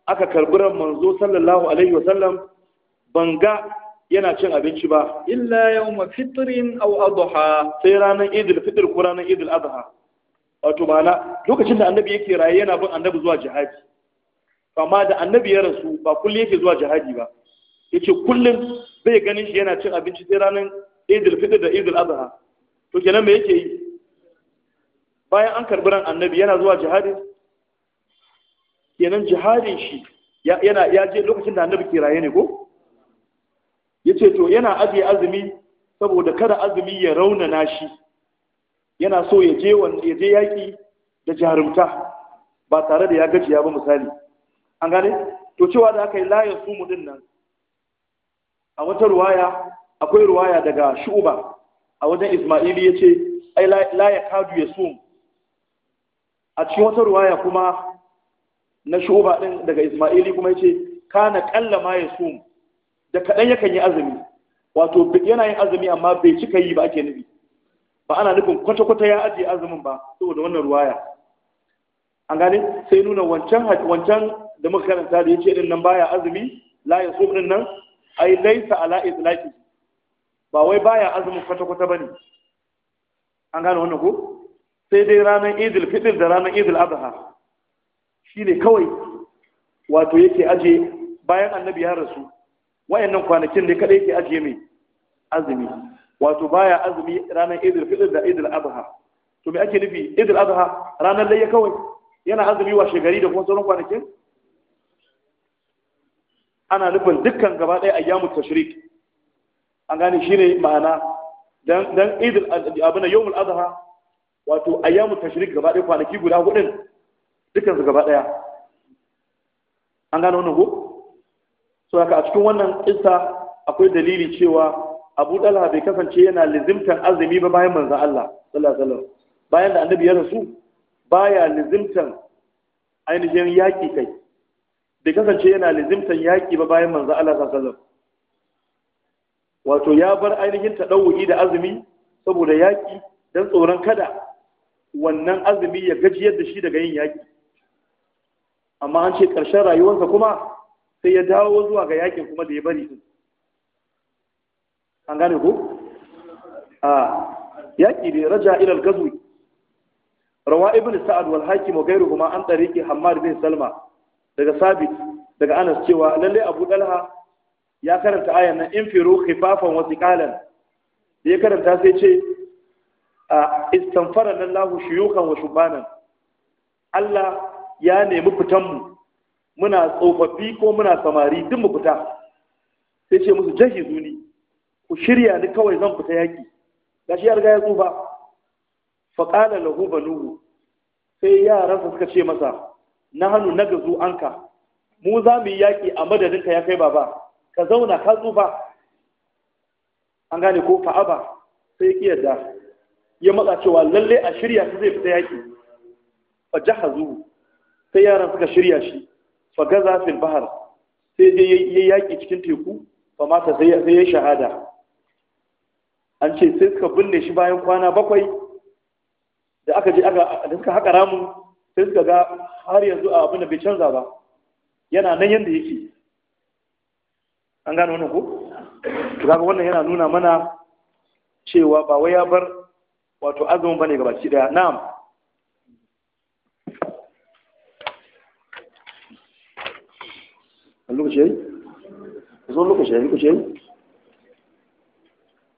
aka karburan manzo sallallahu alaihi wa sallam banga yana cin abinci ba illa yawm fitrin aw adha sai ranar idil fitr ko ranar idil adha wato mana lokacin da annabi yake raye yana bin annabi zuwa jihadi amma da annabi ya rasu ba kullu yake zuwa jihadi ba Yake kullum zai ganin shi yana cin abinci sai ranar idil fitar da idil adha to kenan me yake yi bayan an karbi ran annabi yana zuwa jihadi kenan jihadin shi yana ya je lokacin da annabi ke raye ne ko yace to yana ajiye azumi saboda kada azumi ya raunana shi yana so ya je ya yaki da jarumta ba tare da ya gajiya ba misali an gane to cewa da aka yi layin sumu din nan a wata ruwaya akwai ruwaya daga shuba a wajen ismaili ya ce ai la ya kadu ya sum a cikin wata ruwaya kuma na shuba din daga ismaili kuma ya ce kana kalla ma ya sum da kaɗan yakan yi azumi wato yana yin azumi amma bai cika yi ba ake nufi ba ana nufin kwata-kwata ya ajiye azumin ba saboda wannan ruwaya an gane sai nuna wancan da muka karanta da ya ce din nan baya azumi la ya so din nan ai laisa ala izlaki ba wai baya azumin kwata kwata bane an gane wannan ko sai dai ranar idil fitr da ranar idil adha shine kawai wato yake aje bayan annabi ya rasu wayannan kwanakin ne kada yake aje mai azumi wato baya azumi ranar idil fitr da idil adha to me ake nufi idil adha ranar laye kawai yana azumi wa shegari da kuma sauran kwanakin ana nufin dukkan gaba ɗaya ayyamu tashrik an gane shine ma'ana dan idil idul abuna yawmul adha wato ayyamu tashrik gaba ɗaya kwanaki guda hudun dukkan su gaba ɗaya an gane wannan ko so haka a cikin wannan kissa akwai dalili cewa Abu Dalha bai kasance yana lizimtan azumi ba bayan manzon Allah sallallahu alaihi wasallam bayan da annabi ya rasu baya lizimtan ainihin yaki kai bai kasance yana lizimtan yaƙi ba bayan manzo Allah sa alaihi wato ya bar ainihin tadawuhi da azumi saboda yaƙi dan tsoron kada wannan azumi ya gajiyar da shi daga yin yaƙi amma an ce ƙarshen rayuwarsa kuma sai ya dawo zuwa ga yaƙin kuma da ya bari su an gane ku? a yaƙi ne raja ilal gazwi rawa ibn sa'ad wal hakim gairu, kuma an tariqi hammad bin salma daga sabit daga anas cewa lalle abu dalha ya karanta ayan nan in firu khifafan wa thiqalan da ya karanta sai ce a istanfara nan lahu shuyukan wa shubanan Allah ya nemi fitan mu muna tsofaffi ko muna samari duk mu fita sai ce musu jahizu ni ku shirya ni kawai zan fita yaki gashi ya riga ya tsufa faqala lahu banuhu sai yaransa suka ce masa na hannu na gazu anka mu za mu yi yaƙi a madadinka ya kai baba ka zauna ka tsufa an gane ko ba sai ya yarda ya matsa cewa lalle a shirya shi zai fita yaƙi fa zuhu sai yaran suka shirya shi fa gaza fil bahar sai dai ya yaƙi cikin teku fa mata sai ya shahada an ce sai suka binne shi bayan kwana bakwai da aka je aka da suka haƙa ramu sai suka ga har yanzu a abin da bai canza ba yana nan yadda yake an gano wannan ko kaga wannan yana nuna mana cewa ba wai ya bar wato azumin bane ga baki daya na'am lokaci yayi zo lokaci yayi lokaci yayi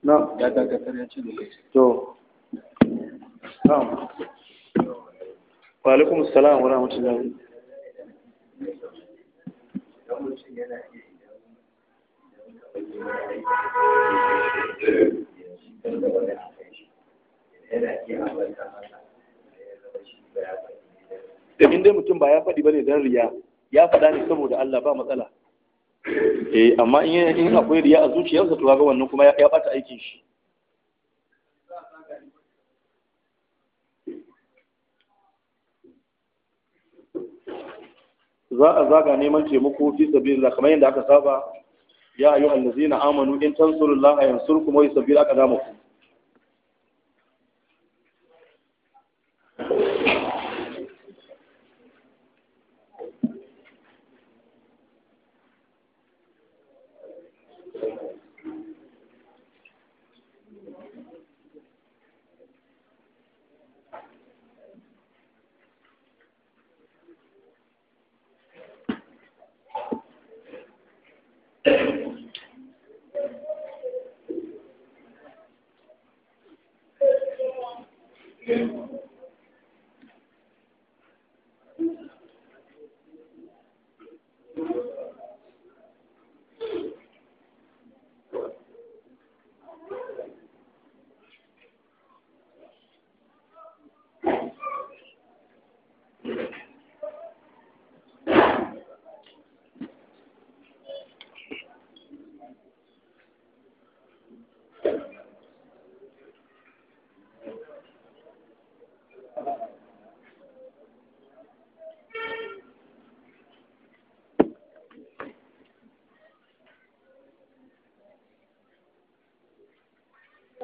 na'am ya dakatar ya ce lokaci to na'am wa alaikum assalam wa rahmatullahi dai mutum ba ya faɗi ba ne don riya ya faɗa ne saboda Allah ba matsala eh amma in akwai riya a zuciyarsa to ga wannan kuma ya ɓata aikin shi za a zaga neman taimako fi da kamar yadda aka saba ya ayyuhallazina amanu in tansurullaha yansurkum wa aka ku.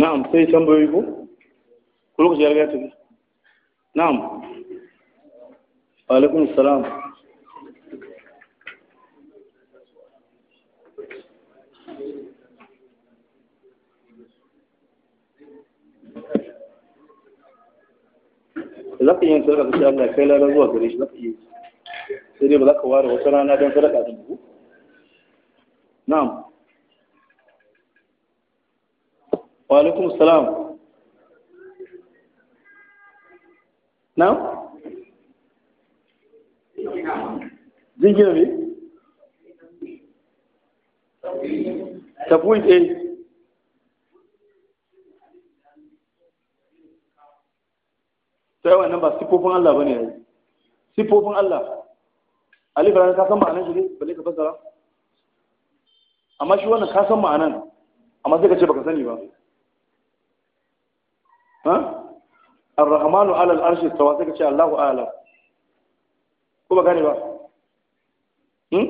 na'am sai tambayoyi ko ko lokaci ya riga tafi na'am alaikum salam ta Allah kai lada zuwa gare shi ka sai dai ba za ka ware wata rana don alaikum salam na? jingina ne? tafi eh. ɗaya ta yawa nan ba sifofin Allah ba ne ya yi sifofin Allah alifar ka san ma'anar shi ne bale ka fassara amma shi wannan ka san ma'anan amma sai ka ce baka sani ba Arrahmanu ar-rahmanu ala arshi tawa sai ka ce Allahu a'lam ko ba gane ba hmm?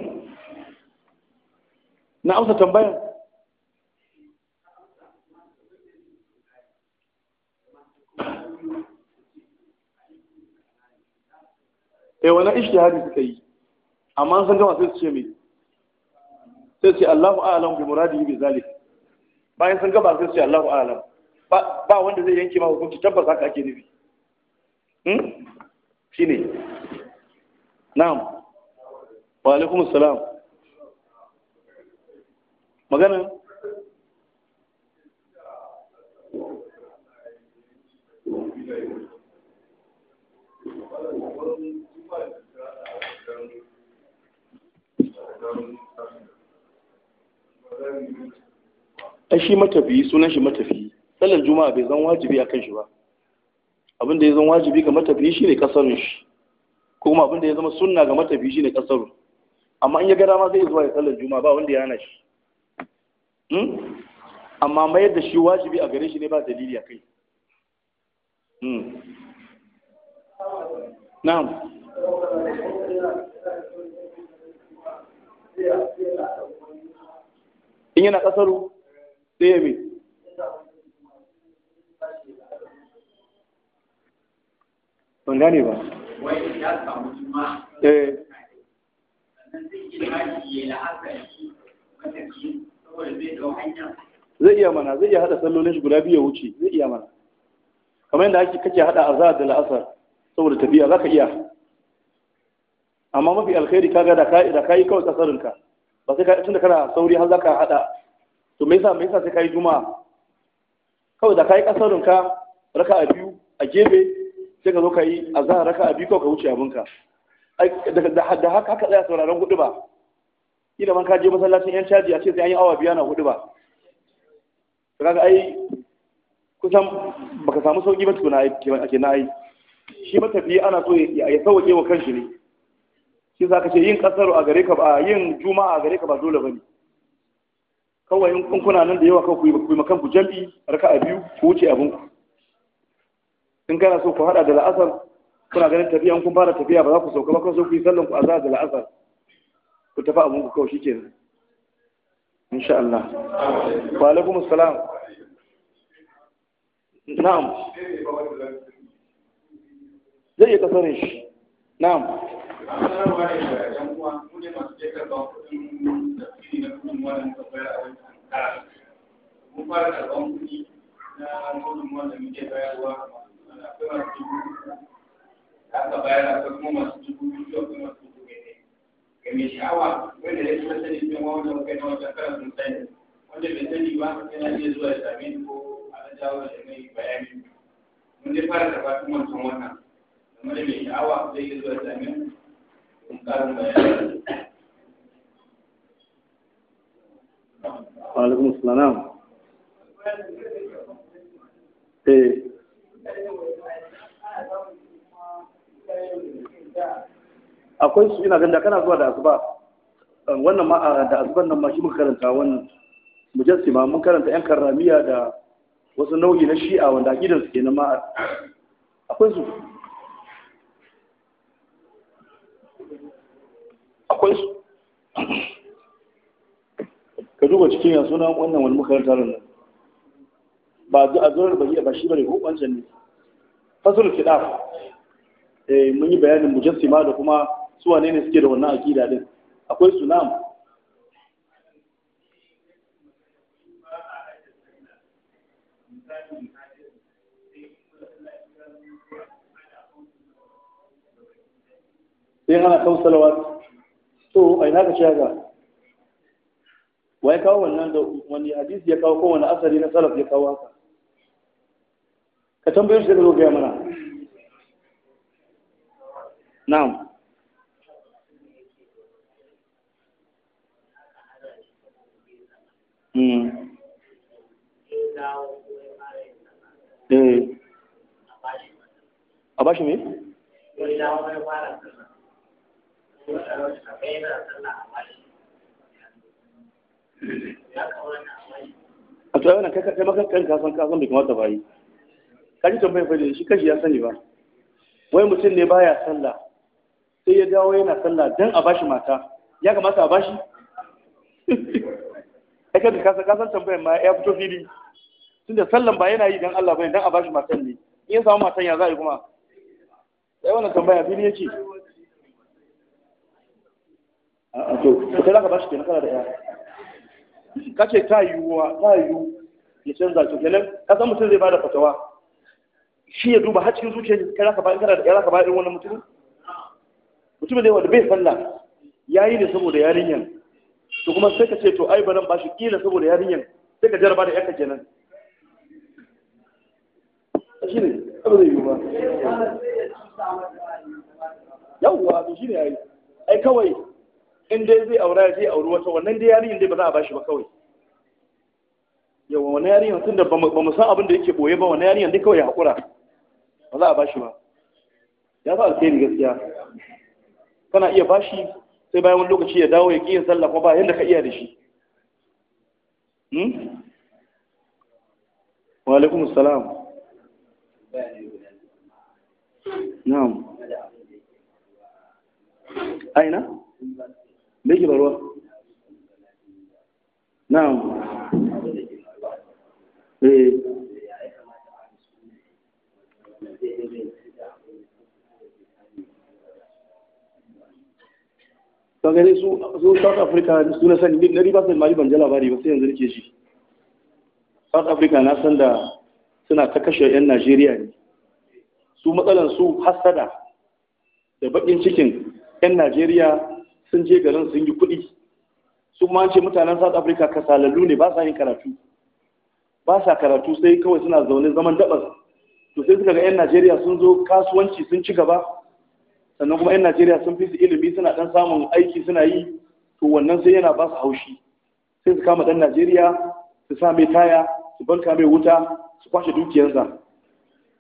na amsa tambayar? eh wani ishtihadi suka yi amma san gama sai su ce mai, sai su ce Allahu a'lam bi muradihi bi zalik bayan san gaba sai su ce Allahu a'lam ba wanda zai yanke ma hukunci tabbas haka ake nufi hmm? shi ne na'am wa alaikum salam magana shi matafi sunan shi matafi sallar juma'a bai zan wajibi a kan shi ba abin da ya zan wajibi ga matafiyi ne kasarun shi ko kuma abin da ya zama sunna ga matafiyi ne kasarun amma in ya gara ma zai zuwa ya sallar juma'a ba wanda ya hana shi hmm? amma mayar da shi wajibi a gare shi ne ba dalili a kai hmm. na'am in yana kasaru sai ya mai ban ne ba eh zai iya mana zai iya hada sallolin shi guda biyu ya wuce zai iya mana kamar yadda ake kake hada azhar da la'asar saboda tafiya za ka iya amma mafi alkhairi ka ga da kai da kai kawai kasarinka ba sai ka tunda kana sauri har za ka hada to me yasa me yasa sai ka yi juma'a kawai da ka kai kasarinka a biyu a gefe sai ka zo ka yi a za raka a biyu ka wuce abinka da haka haka tsaya sauraron hudu ba Ina man ka je masallacin yan caji a ce sai an yi awa biya na hudu ba Da kaga ai kusan baka samu sauki ba tukuna na ai shi matafiya ana so ya sauke wa kanshi ne shi za ka ce yin kasaro a gare ka ba yin juma'a a gare ka ba dole ba ne kawai in kunkuna nan da yawa kawai ku yi makan ku jam'i raka a biyu ku wuce abinku in kana so ku hada da la'asar kuna ganin tafiya kun fara tafiya ba za ku sauka ba kun so ku yi sallan ku a da la'asar ku tafi abun ku kawai shikenan insha Allah wa alaikum assalam na'am zai iya kasarin shi na'am mun fara karɓar kuɗi na gudunmuwa da muke bayarwa akwai ba وعليكم السلام. akwai su ina ganda kana zuwa da asuba wannan ma da asuban nan ma shi muka karanta wannan mujassima mun karanta yan karramiya da wasu nau'i na shi'a wanda gidan su kenan ma akwai su akwai su ka duba cikin ya suna wannan wani makarantar nan ba a zurar bayi ba shi bane ko wancan ne fasul kidaf Eh, mun yi bayanin mujassima da kuma su wane ne suke da wannan akida din akwai sunam. sai eh, hana kan salawat to yi naka ce Wa wai kawo wannan da wani hadisi ya kawo ko wani asali na salaf ya kawo haka ka tambayar shi da zo gaya mana نعم Mm. Eh. A bashi me? A to kai kai maka kan kasan kasan bai kamata ba yi. Kaji tambayar fa shi kashi ya sani ba. Wai mutum ne baya sallah sai ya dawo yana sallah dan a bashi mata ya kamata a bashi ake da kasar tambayar ma ya fito fili Tun da sallan ba yana yi don Allah bane dan a bashi matan ne in ya samu matan ya za a yi kuma sai wannan tambaya fili ya ce a to kai za ka bashi kenan kana da ya ce ta yiwuwa ta yiwu ya canza to kenan ka san mutum zai bada fatawa shi ya duba har cikin ne kai za ka ba in kana da ya za ka ba irin wannan mutum mutumin yawa da bai sallah ya yi ne saboda yarinyar to kuma sai ka ce to ai baran ba shi kila saboda yarinyar sai ka jaraba da yanka kenan shi ne abu zai yi ba yawwa to shi ne ya yi. ai kawai in dai zai aura ya zai auri wata wannan dai yarinyar dai ba za a ba shi ba kawai yawwa wani yarinyar tun da ba mu san abin da yake boye ba wani yarinyar dai kawai ya haƙura ba za a ba shi ba ya sa alheri gaskiya kana iya bashi sai bayan wani lokaci ya dawo ya ƙi yin sallah kuma ba yadda ka iya da shi hmm? salam na'am aina barwa na'am eh ka gani su su South Africa su na sani na riba sai mali ban ji labari ba sai yanzu nake shi South Africa na san da suna ta kashe yan Najeriya ne su matsalan su hasada da bakin cikin yan Najeriya sun je garin sun yi kuɗi su ma ce mutanen South Africa kasalalu ne ba sa yin karatu ba sa karatu sai kawai suna zaune zaman dabas to sai suka ga yan Najeriya sun zo kasuwanci sun ci gaba sannan kuma 'yan najeriya sun fi su ilimi suna dan samun aiki suna yi to wannan sai yana ba su haushi sai su kama dan najeriya su sa mai taya su banka mai wuta su kwashe dukiyarsa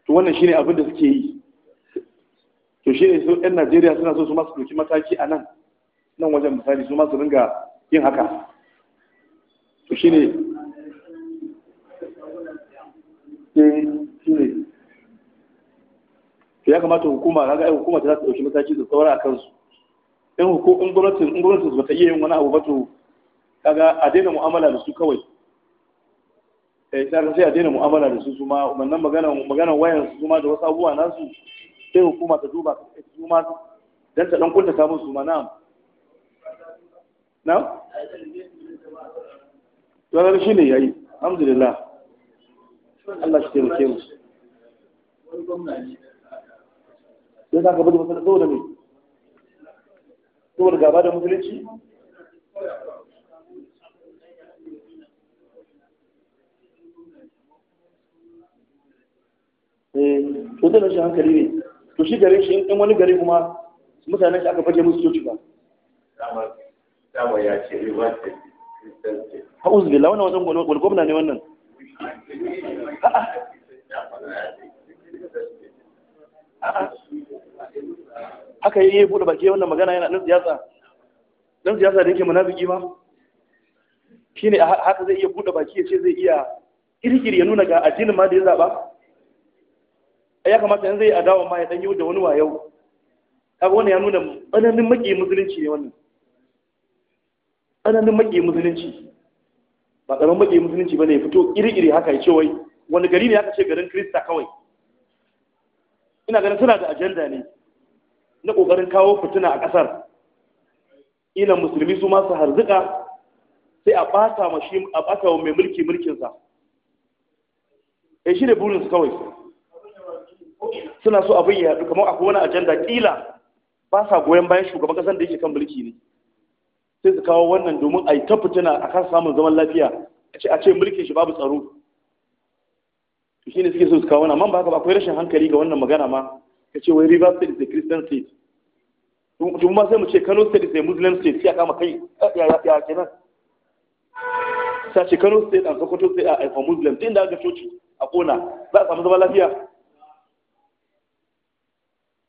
to wannan shine abin da suke yi to shine su 'yan najeriya suna so su masu ɗauki mataki a nan nan wajen misali su masu ringa yin haka to shine you. Eh, ya kamata hukuma kaga ai hukuma ta za ta dauki mataki da tsawara a su in hukumar gwamnatin in gwamnatin ba ta iya yin wani abu ba to kaga a daina mu'amala da su kawai eh kaga sai a daina mu'amala da su kuma wannan magana magana wayan su kuma da wasu abubuwa nasu sai hukuma ta duba su ma dan ta dan kunta ta musu ma na'am na'am to ga shi ne yayi alhamdulillah Allah shi taimake mu wani gwamnati sai za ka bada masallaci saboda mai saboda gaba da musulunci eh, to zai rashin hankali ne to shi gare shi in wani gari kuma mutane shi aka fage musu coci ba dama ya ce riba ce wannan wajen gwalgwamna ne wannan a'a haka yi bude baki wannan magana yana nan siyasa nan siyasa da yake munafiki ma shine haka zai iya bude baki ya ce zai iya kirkiri ya nuna ga addinin ma da ya zaba ya kamata yanzu ya adawa ma ya dan da wani wayau kaga wannan ya nuna tsananin maki musulunci ne wannan tsananin maki musulunci ba tsaron maki musulunci bane ya fito kirkiri haka ya ce wai wani gari ne aka ce garin krista kawai ina ganin suna da ajanda ne na ƙoƙarin kawo fitina a ƙasar ina musulmi su masu harzuka sai a ɓata wa mai mulki mulkinsa ya eh, shi ne burinsu kawai suna so abin ya haɗu kamar akwai wani ajanda ƙila ba sa goyon bayan shugaban ƙasar da yake kan mulki ne sai su kawo wannan domin a yi ta fitina a kan samun zaman lafiya a ce mulkin shi babu tsaro shi ne suke so su kawo wannan man ba haka akwai rashin hankali ga wannan magana ma ka ce wai river state is a christian state tun ma sai mu ce kano state is a muslim state sai a kama kai ya nan. sa ce kano state and sokoto state are for muslim din da aka coci a kona za a samu zama lafiya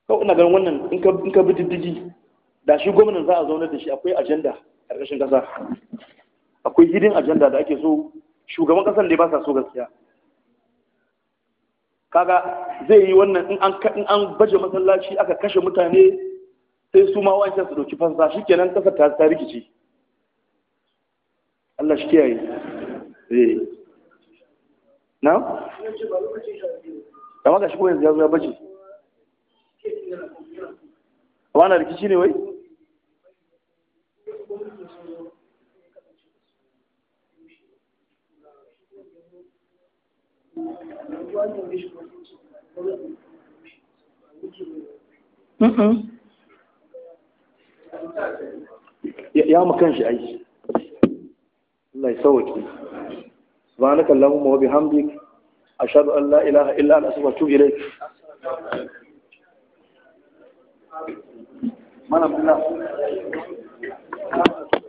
kawai ina ganin wannan in ka bi diddigi da shi gwamnan za a zaunar da shi akwai agenda a ƙarƙashin ƙasa akwai gidin ajanda da ake so shugaban kasan ne ba sa so gaskiya kaga zai yi wannan in an baje masallaci aka kashe mutane sai su ma wancan su dauki fansa kenan kasar ta ta rikici Allah shi kiyaye eh na Kama ga shi ko yanzu ya zo ya bace wana na rikici ne wai ya makan shi aiki Allah ya sauwaki subhanaka allahumma wa bihamdik ashhadu an la ilaha illa anta astaghfiruka wa atubu ilaik mana